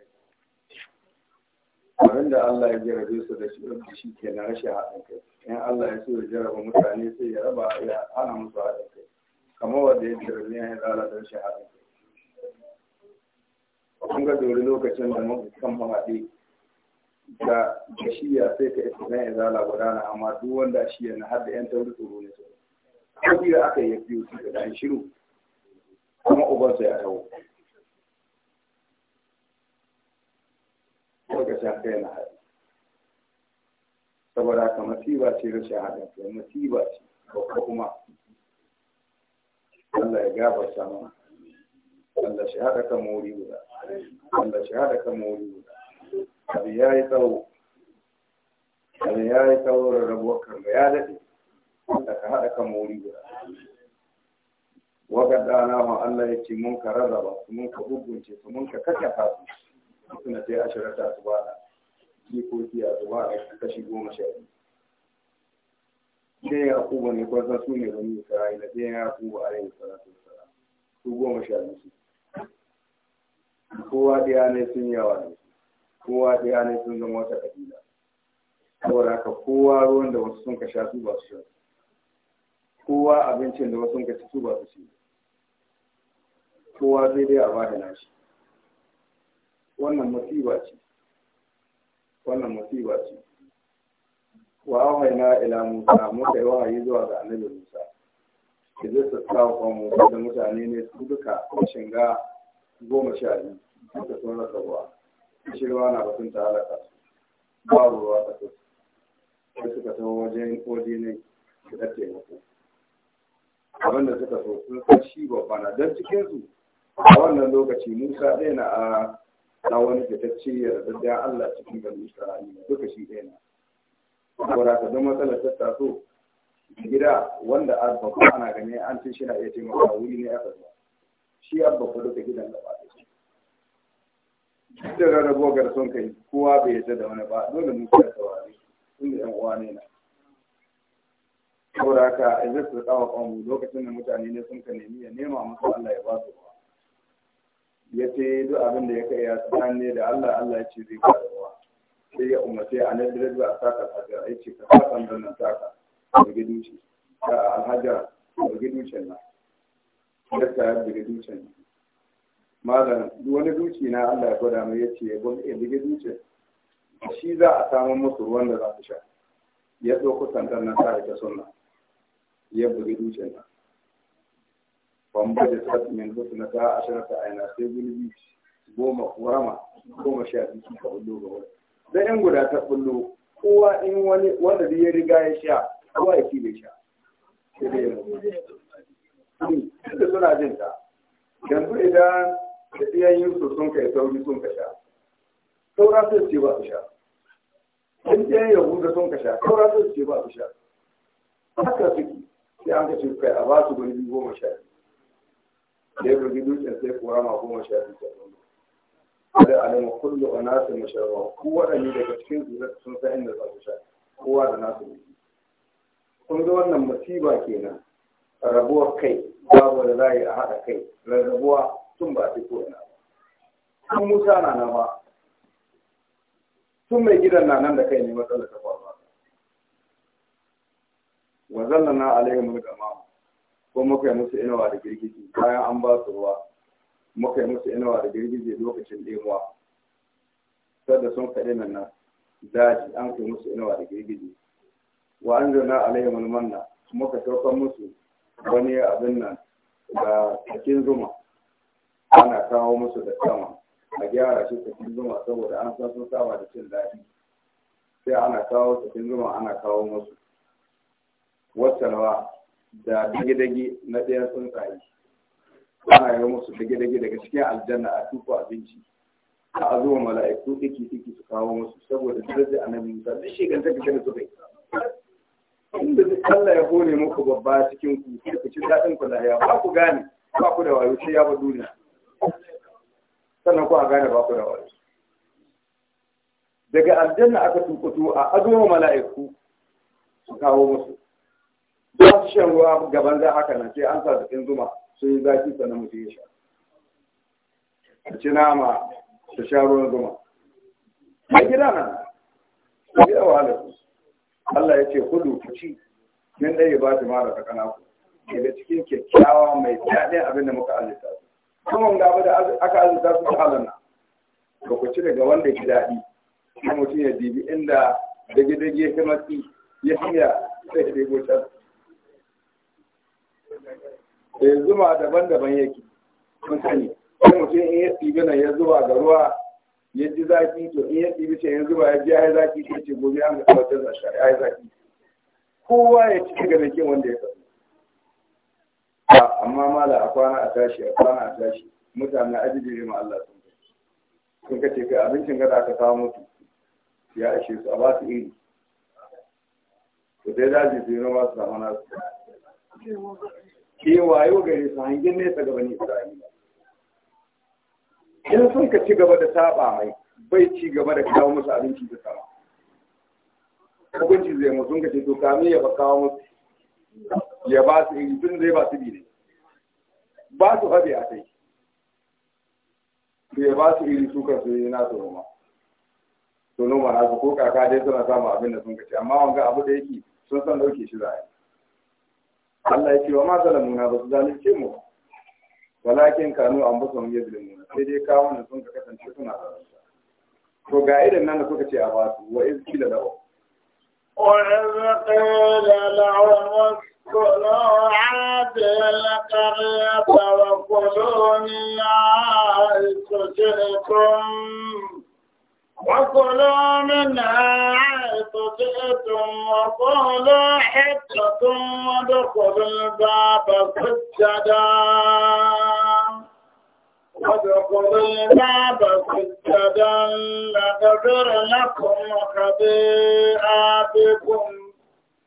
abinda Allah ya jarabe su da shi da shi ke na rashin haɗin kai in Allah ya so ya jaraba mutane sai ya raba ya hana musu haɗin kai kamar wanda ya jarabe ya zala da rashin haɗin kai kun ga dori lokacin da mun kan mahaɗi da da shi ya sai ka isa zan ya zala gudana amma duk wanda shi ya na har da yan tauri tsoro ne su ko da aka yi biyu su da shiru kuma ubansa ya tawo ga sha na hari saboda ka masiba ce rashin shahada kai masiba ce ko kuma Allah ya gaba sama, Allah shi haɗa mori guda Allah shi haɗa mori guda abu ya yi tsawo abu ya yi tsawo rabuwar kan ya daɗe Allah ka haɗa ka mori guda wakar ɗana ma Allah ya ce mun ka rarraba mun ka gugunce mun ka kakkafa fasu suna sai a ta su ba jikoki a su ba a kashi goma sha biyu sai ya kuba ne kwasa su ne bani isra'ila sai ya kuba a yin salatu wasala su goma sha biyu kowa ɗaya ne sun yawa ne kowa ɗaya ne sun zama wata kabila saboda haka kowa ruwan da wasu sun ka sha su ba su sha kowa abincin da wasu sun ka ci su ba su ci kowa sai dai a ba da nashi wannan musiba ce wannan musiba ce wa wahaina ila musa muka yi wahayi zuwa ga annabi musa da zai sassa wa musa da mutane ne su duka shinga goma sha biyu da sun rasa ruwa shirwa na batun ta halaka ba ruwa a su sai suka taho wajen waje ne su da taimako abinda suka so sun san shi babba na don cikinsu a wannan lokaci musa ɗaya na a na wani da ta ce yarda da Allah cikin bani Isra'ila duka shi ɗaya na. Saboda ka don matsalar ta taso gida wanda a babba ana gani an ce shi na iya taimaka wuri ne aka zuwa. Shi a babba duka gidan da ba Duk da rarrabuwa garson kai kowa bai yadda da wani ba dole mu kira saurari tun da ƴan uwa ne na. Saboda haka a zai su tsawa lokacin da mutane ne sun ka nemi ya nema musu Allah ya ba su ba. ya ce duk abin da ya kai ya tsakanin da Allah Allah ya ce zai karuwa sai ya umarce a nan da a saka saka ya ce ka saka da nan saka da giduci ka alhaja da giducin na da ta da giducin na malam duk wani duki na Allah ya gwada mai ya ce ya gwada ya dige ducin shi za a samu musu ruwan da za su sha ya ɗauko sandan nan sa ta sunna ya bugi ducin nan bamba da sat min husna ta aina sai gulbi goma kurama goma sha biyu suka bullo ga wani dan yan guda ta bullo kowa in wani wanda ya riga ya sha kowa ya bai sha sai dai yanzu suna jin ta yanzu idan da iyayen yusuf sun kai sauri sun ka sha saura sai ce ba su sha in ɗayan yahuda sun ka sha saura sai ce ba su sha haka suke sai an ka ce kai a ba su gulbi goma sha biyu da ya bugi dutsen sai korama sha biyu ta nuna kada alama kullu a nasu masharwa ko waɗanne daga cikin su sun san inda za su sha kowa da nasu bugi kun ga wannan masiba kenan rabuwar kai babu da za a yi a haɗa kai rarrabuwa tun ba sai ko tun na ba tun mai gidan na nan da kai ne matsalar ta faruwa wa zallana alaihim ko muka yi musu inawa da girgije bayan an ba su ruwa muka yi musu inawa da girgije lokacin ɗemuwa sadda sun kaɗe nan nan daji an kai musu inawa da girgije wa an zana alayhimul manna muka saukan musu wani abin nan da cikin zuma ana kawo musu da sama a gyara shi cikin zuma saboda an san sun saba da cin daji sai ana kawo cikin zuma ana kawo musu wasu rawa da dage-dage na ɗayan tsuntsaye ana yi musu dage-dage daga cikin aljanna a tuko abinci ka a zuwa mala'iku iki iki su kawo musu saboda darajar annabi musa duk shekanta ka kada su bai inda duk Allah ya hore muku babba cikin ku sai ku ci daɗin ku lahiya ba ku gane ba ku da wayo sai ya ba duniya sannan ku a gane ba ku da wayo daga aljanna aka tukuto a azuwa mala'iku su kawo musu ba su shan ruwa gaban za haka nan sai an sa cikin zuma sun yi zaki sannan mutum ya sha a ci nama da sha ruwan zuma a gida nan yi gida wahala su Allah ya ce kudu ku ci min ɗaya ba ta mara ta kana ku daga cikin kyakkyawa mai daɗin abin da muka azurta su kuma ga abu da aka azurta su ta halin nan ba ku ci daga wanda ki daɗi kuma mutum ya dibi inda dage-dage ya matsi ya sai can da eh, zuma daban-daban yake kun sani sai mutum in ya tsibi nan ya zuba ga ruwa ya ji zaki to in ya tsibi ce ya zuba ya ji ya yi zaki ce gobe an ga kawatar da shi ya yi zaki kowa ya ci ga mai wanda ya kasu amma mala a kwana a tashi a kwana a tashi mutane ne ma Allah sun kai sun ce kai abincin gada aka kawo mutu ya ishe su a ba su iri to dai daji su yi noma su zama nasu kewayo wayo gare su hangen nesa ga bani isra'ila in sun ka ci gaba da saba mai bai ci gaba da kawo musu abinci da sama hukunci zai musu ka ce to kame ya ba kawo musu ya ba su iri tun zai ba su bi ne ba su faɗi a kai to ya ba su iri su ka su yi nasu noma to noma na su ko kaka dai suna samun abin da sun ka ce amma wanga abu da yake sun san ɗauke shi za a yi Allah ya ce wa ma zalamuna ba su zalunce mu walakin kanu an busa mu yazlimuna sai dai kawo nan sun ka kasance suna zalunta to ga idan nan da suka ce a basu wa iz kila lahu wa iz qila lahu هذه القرية وكلوا منها حيث شئتم وكلوا منها استطعتم وقولا حجتكم وادخلوا الباب سجدا وادخلوا الباب سجدا لنغفر لكم خطيئاتكم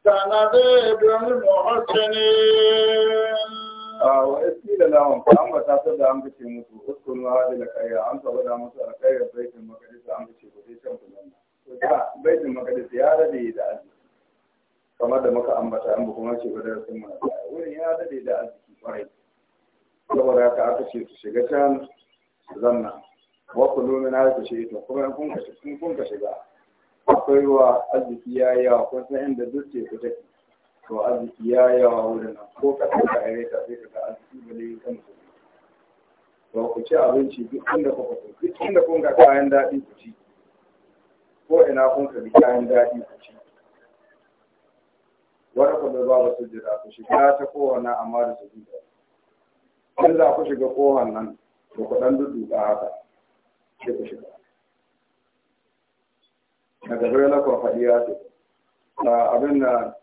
سنزيد المحسنين آه، وإسكيل لهم فأما تاسد أم بشي موسو أسكنوا هذه الكرية أم تغدا موسو الكرية بيت المقدس أم بشي بشي شمس لهم da baitul maqdis ya dade da arziki kamar da muka ambata an kuma ce ba da sun mana wurin ya dade da arziki kwarai saboda haka aka ce su shiga can su zanna wa kullu min hada shi to kuma in kun ka kun kun shiga akwai ruwa arziki ya yi yawa kun san inda duk ce ku take to arziki ya yi yawa wurin nan ko ka ta kare ta sai ka ga arziki ba ne kan ku to ku ci abinci duk inda kuka so duk inda kun ga kayan daɗi ku ci ko ina kun ka bi kayan daɗi ku ci wani kuma su jira ku shiga ta kowanne amma da sujjada in za ku shiga kowanne nan da ku ɗan ka haka sai ku shiga na gabar na kwa faɗi ya ce abin na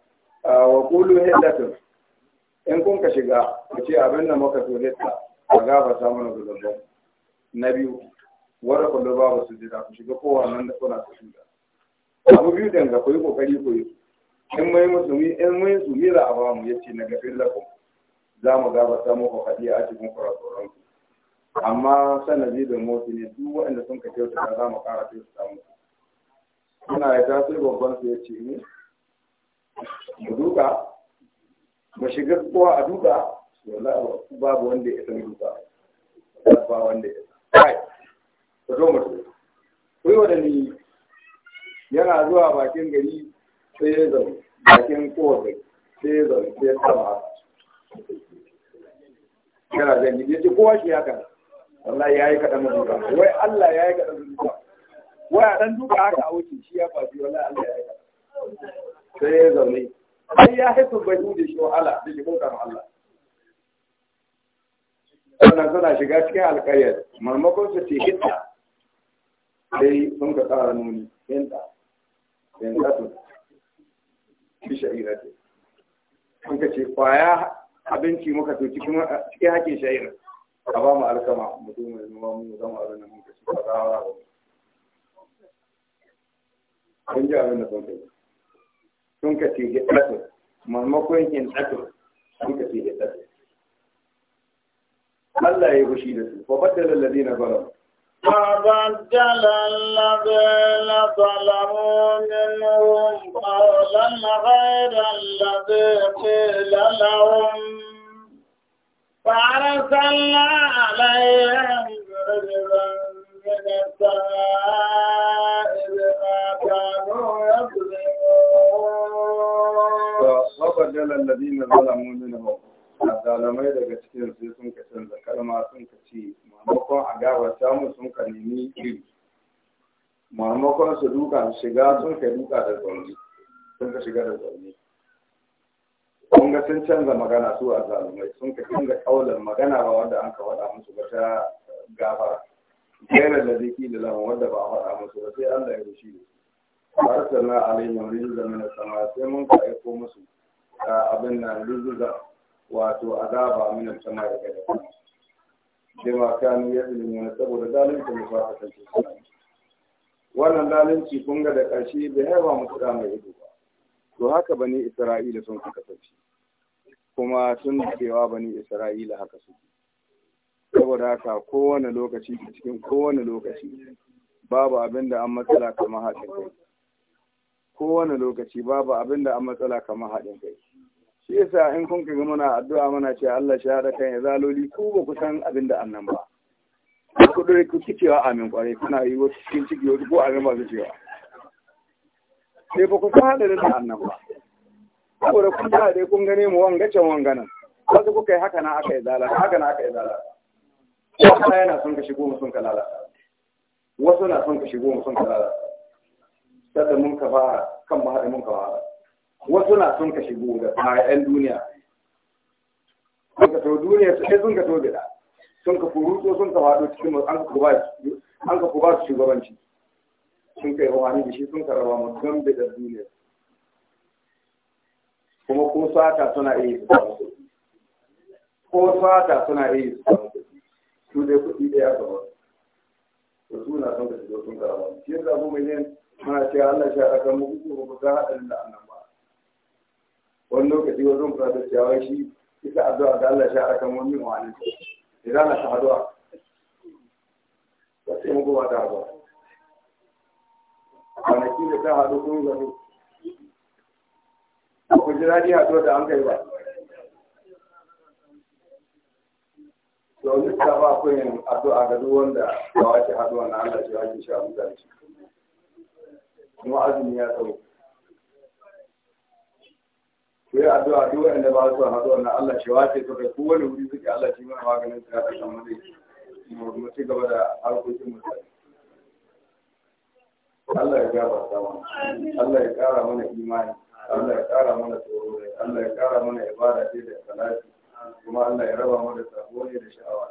wa kulu hiddatin in kun ka shiga ku ce abin da muka so ga a samu na zuwa na biyu wara kwallo babu su jira ku shiga kowa nan da kuna su shiga abu biyu da ga yi kokari ku yi in mai musu mi in mai su mi za a mu yace na gafin lakum za mu gaba samun hadiya a cikin kurakuran ku amma sanadi da motsi ne duk waɗanda sun ka su za mu ƙara kyautata muku suna ya ta sai babban su ya ce ni mu duka mu shiga kowa a duka wallahi babu wanda ya san duka ba wanda ya san ku zo mutu kuyi wadanni yana zuwa bakin gari sai ya zaune bakin kowace sai ya zaune sai ya sama yana zan yi yace kowa shi haka wallahi yi kaɗan duka wai Allah yayi kadan duka wai a dan duka haka a wuce shi ya faɗi wallahi Allah ya yi kaɗan, sai ya zaune ai ya haifa bai da shi wahala da shi bauta Allah sannan suna shiga cikin alƙaryar marmakon su ce hitta sai sun ka tsara nuni yanda yanda to shi sha'ira ce sun ka ce kwaya abinci muka to cikin cikin hakin sha'ira a ba mu alkama mutum mai noma mu zama abin da muka ci ba rawa ba kun ji abin da sun ka sun ka ce gidatu maimakon yin tsatu sun ka ce gidatu Allah ya yi fushi da su fa baddala ladina zalamu فبدل الذين ظلموا منهم قولا غير الذي قيل لهم فأرسلنا عليهم رجلا من السماء بما كانوا يظلمون فبدل الذين ظلموا منهم a zalamai daga cikin sai sun ka canza kalma sun ka ce maimakon a gabata mu sun ka nemi iri maimakon su duka shiga sun ka duka da zaune sun ka shiga da zaune sun ga sun canza magana su a sun ka canza kaulan magana ba wanda an ka wada musu ba ta gabara gaira da zai da lamun wanda ba a faɗa musu ba sai Allah ya rushe su ba sannan alayhi wa rizqan min as-sama sai mun ka aiko musu ah, abin na rizu da wato azaba min sama daga da bima kanu yazlimun saboda zalunci ne ba ta kasance wannan zalunci kun ga da ƙarshe bai haifa musu da mai ido ba to haka bani isra'ila sun kasance kuma sun cewa bani isra'ila haka suke saboda haka kowane lokaci cikin kowane lokaci babu abin da an matsala kamar haɗin kai kowane lokaci babu abin da an matsala kamar haɗin kai shi yasa in kun kaga muna addu'a muna ce Allah shi hada kan zaloli, ku ba ku san abin da annan ba ku dore ku ci cewa amin kwarai kuna yi wasu cikin ciki wasu ko amin ba su cewa sai ba ku san hadarin da annan ba saboda kun da dai kun gane mu wanga can wanga nan wasu kuka yi haka na aka yi zala haka na aka yi zala wasu yana son ka shigo mu son ka lalata wasu na son ka shigo mu son ka lalata sadda mun ka fara kan ba haɗe mun ka fara wasu na sun ka shigo da ƴan duniya sun ka tau duniya su sun ka tau gida. sun ka furuto sun ka faɗo cikin an ka an ka ba su shugabanci sun kai hawani da shi sun ka raba mu da bida duniya kuma ko sata suna iya su samu ko sata suna iya su samu su dai kuɗi ɗaya gaba da na sun ka shigo sun ka rawa shi yadda abu mai ne mana cewa Allah shi a ɗakan mu kuku ba da annan wani lokaci wajen kula da ciyawa shi ita addu'a da Allah sha akan wani wani idan na addu'a ba sai mu ba ta ba kwanaki da ta haɗu kun gano ku ji daɗi haɗuwa da an kai ba domin ta ba ku yin addu'a ga duk wanda ba wace haɗuwa na Allah shi ake sha mutane kuma azumi ya tsawo ku yi addu'a duk wanda ba su haɗu na Allah shi wace su kai ko wani wuri suke Allah shi mana maganin su ya samu mu ne mu ci gaba da harkokin mu Allah ya gaba mana Allah ya ƙara mana imani Allah ya ƙara mana tsoro Allah ya ƙara mana ibada ce da salati kuma Allah ya raba mana da sabo ne da sha'awa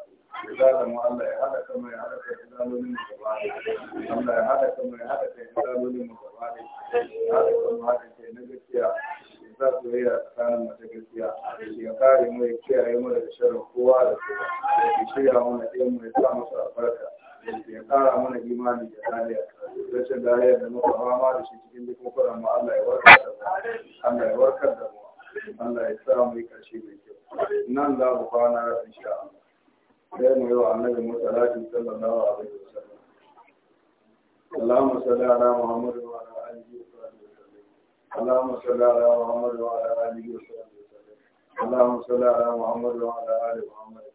da zaɓa mu Allah ya haɗa kama ya haɗa kai zalolin mu gaba Allah ya haɗa kama ya haɗa kai zalolin mu gaba haɗa kama haɗa kai na gaskiya sa soyayya tsakanin mata gaskiya ya kare mu ya kiyaye mu daga sharrin kowa da kowa ya shirya mana ɗayan mu ya sa masa albarka ya kara mana imani da dariya rashin dariya da muka fama da shi cikin dukkan kuran mu Allah ya warkar da mu Allah ya warkar da mu Allah ya sa mu yi ƙarshe mai kyau nan za mu kwana insha Allah sai mu yi wa annabi musallati sallallahu alaihi wasallam اللهم صل على محمد وعلى اله اللهم صل على محمد وعلى آله وصحبه وسلم اللهم صل على محمد وعلى آل محمد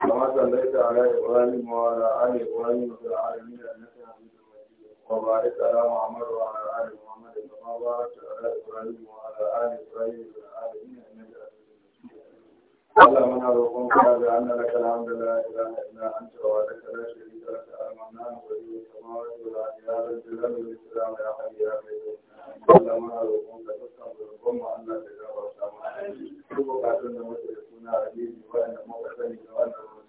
كما صليت على إبراهيم وعلى آل إبراهيم في العالمين إنك حميد مجيد وبارك على محمد وعلى آل محمد كما باركت على إبراهيم وعلى آل إبراهيم في العالمين اللهم انا روحك بان لك الحمد لا اله الا انت وحدك لا شريك لك المنان ولي السماوات والارض يا ذا الجلال والاسلام يا حي يا قيوم اللهم انا روحك تسلم بالقوم ان لا تجاوز سبحانك سبحانك ان وجدتنا عزيزي وان مغفرك وان